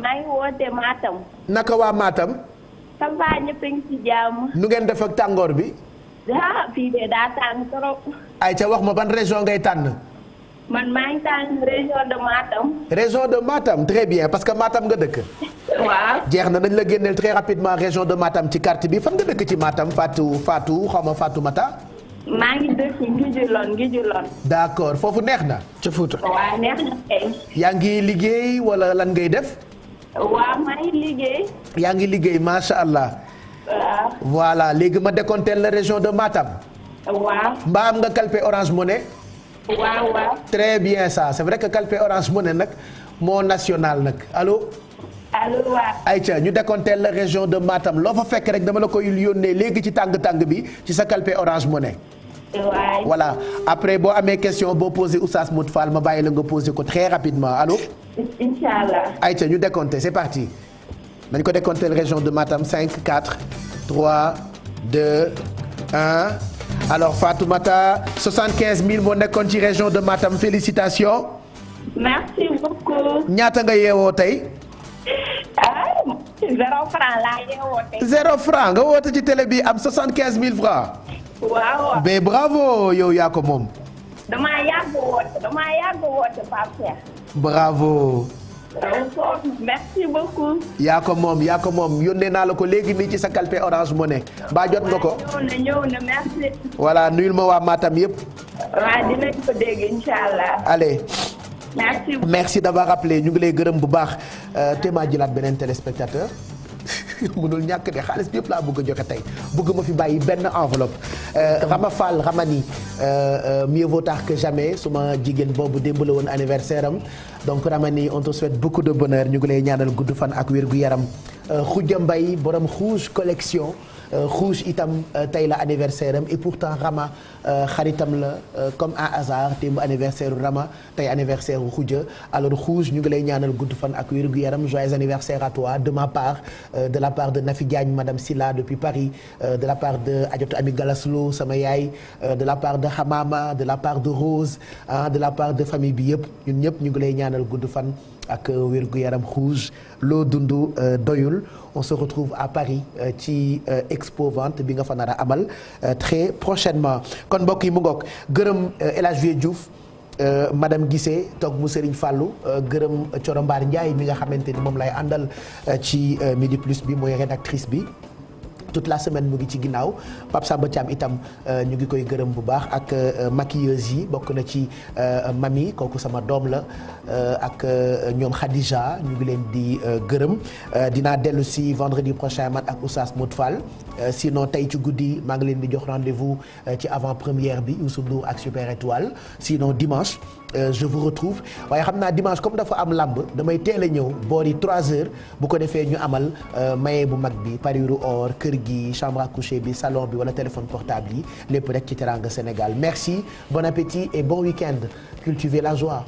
maa ngi wootee Matam. naka waa Matam. ça va ñëpp ci jàmm. nu ngeen def ak tàngoor bi. ah fii de daa tàng ay ca wax ma ban région ngay tànn. man maa ngi tànn région de Matam. région de Matam très bien parce que maatam nga dëkk. waaw jeex na nañ la génneel très rapidement région de maatam ci quartier bi fan nga dëkk ci maatam Fatou Fatou xaw ma Fatou Mata. maa ngi dëkk Ngijulon Ngijulon. d'accord foofu neex na. ca Fouta neex na kay. yaa ngi liggéey walla lan ngay def. waaw maa ngi liggéey. yaa ngi liggéey macha allah. waaw. voilà léegi ma décompté la région de Matam. waaw nga calpe Orange Money. waaw très bien ça c'est vrai que Calpe Orange Money nag moo national nag alo ay ca ñu décompteel la région de Matam loo fa fekk rek dama la koy yónnee léegi ci tàng tàng bi ci sa Calpe Orange Money. waay. voilà après boo amee question boo posé Oustaz Modou Fall ma bàyyi la nga posé ko très rapidement allo. incha allah. ñu décompté c'est parti. nañu ko décompteel région de Matam cinq 4 3 2 1. alors Fatoumata 75 000 moo nekkoon ci région de Matam félicitations. ñaata nga yeewoo tey. ah zéro franc laa yeewoo tey. zéro franc nga woote ci télé bi am 75 000 francs. waaw. mais bravo yow yaa ko moom. damaa yàgg woote damaa yàgg woote Pape Cheikh. bravo. d'accord yaa ko moom yaa ko moom yónnee naa la ko léegi nii ci sa kalpe orange money mbaa jot na ko. ñëw voilà nuyul ma waa Matam yëpp. waaw dinañ ko merci beaucoup merci ñu ngi lay gërëm bu baax euh, téema jëlaat beneen téléspectateur. mënul ñàkk de xaalis bi yëpp laa bëgg a joxe tey bëgg fi bàyyi benn enveloppe. Euh, Rama Fall Ramani euh, euh, mieux vaut tard que su ma jigéen boobu démb la woon anniversaire am donc Ramani on te souhaite beaucoup de bonheur ñu ngi lay ñaanal gudd fan ak wér gu yaram Khoudia Mbaye borom Rouge Collection. Euh, rouge itam euh, tey la anniversaire am et pourtant Rama euh, xaritam la comme un hasard démb anniversaire Rama tey anniversaire Khoudia alors Rouge ñu ngi lay ñaanal gudd fan ak wér gu yaram joyeux anniversaire à toi de ma part de la part de Nafi Diagne madame Silla depuis Paris de la part de ajot Ami Galaslo sama yaay de la part de Hamama de la part de Rose ah de la part de famille bi yëpp ñun ñëpp ñu ngi lay ñaanal gudd fan. ak euh, wér yaram xuuge loo dund euh, doyul on se retrouve à Paris euh, ci expo vente bi nga fa nar a amal très prochainement kon mbokk yi mu ngoog gërëm El Hadj Vieux Diouf Euh, madame Guissé toog mu Serigne fàllu euh, gërëm Corombaar Ndiaye mi nga xamante ni moom lay àndal ci Midi Plus bi mooy rédactrice bi tout la semaine mu ngi ci ginnaaw Pape Samba Thiam itam euh, ñu ngi koy gërëm bu baax ak euh, maquilleuse yi bokk na ci euh, mami kooku sama doom la ak ñoom Khadija ñu ngi leen di gërëm dinaa dellu si vendredi prochain man ak Oustaz Modou Fall Euh, sinon tey ci guddi maa ngi leen di jox rendez-vous euh, ci avant première bi Youssou Ndour ak Super Étoile sinon dimanche euh, je vous retrouve waaye xam naa dimanche comme dafa am làmb damay teel a ñëw boori 3 heures bu ko defee ñu amal maye bu mag bi parure or kër gi chambre à coucher bi salon bi wala téléphone portable yi lépp rek ci Teranga Sénégal merci bon appétit et bon week-end cultivez la joie.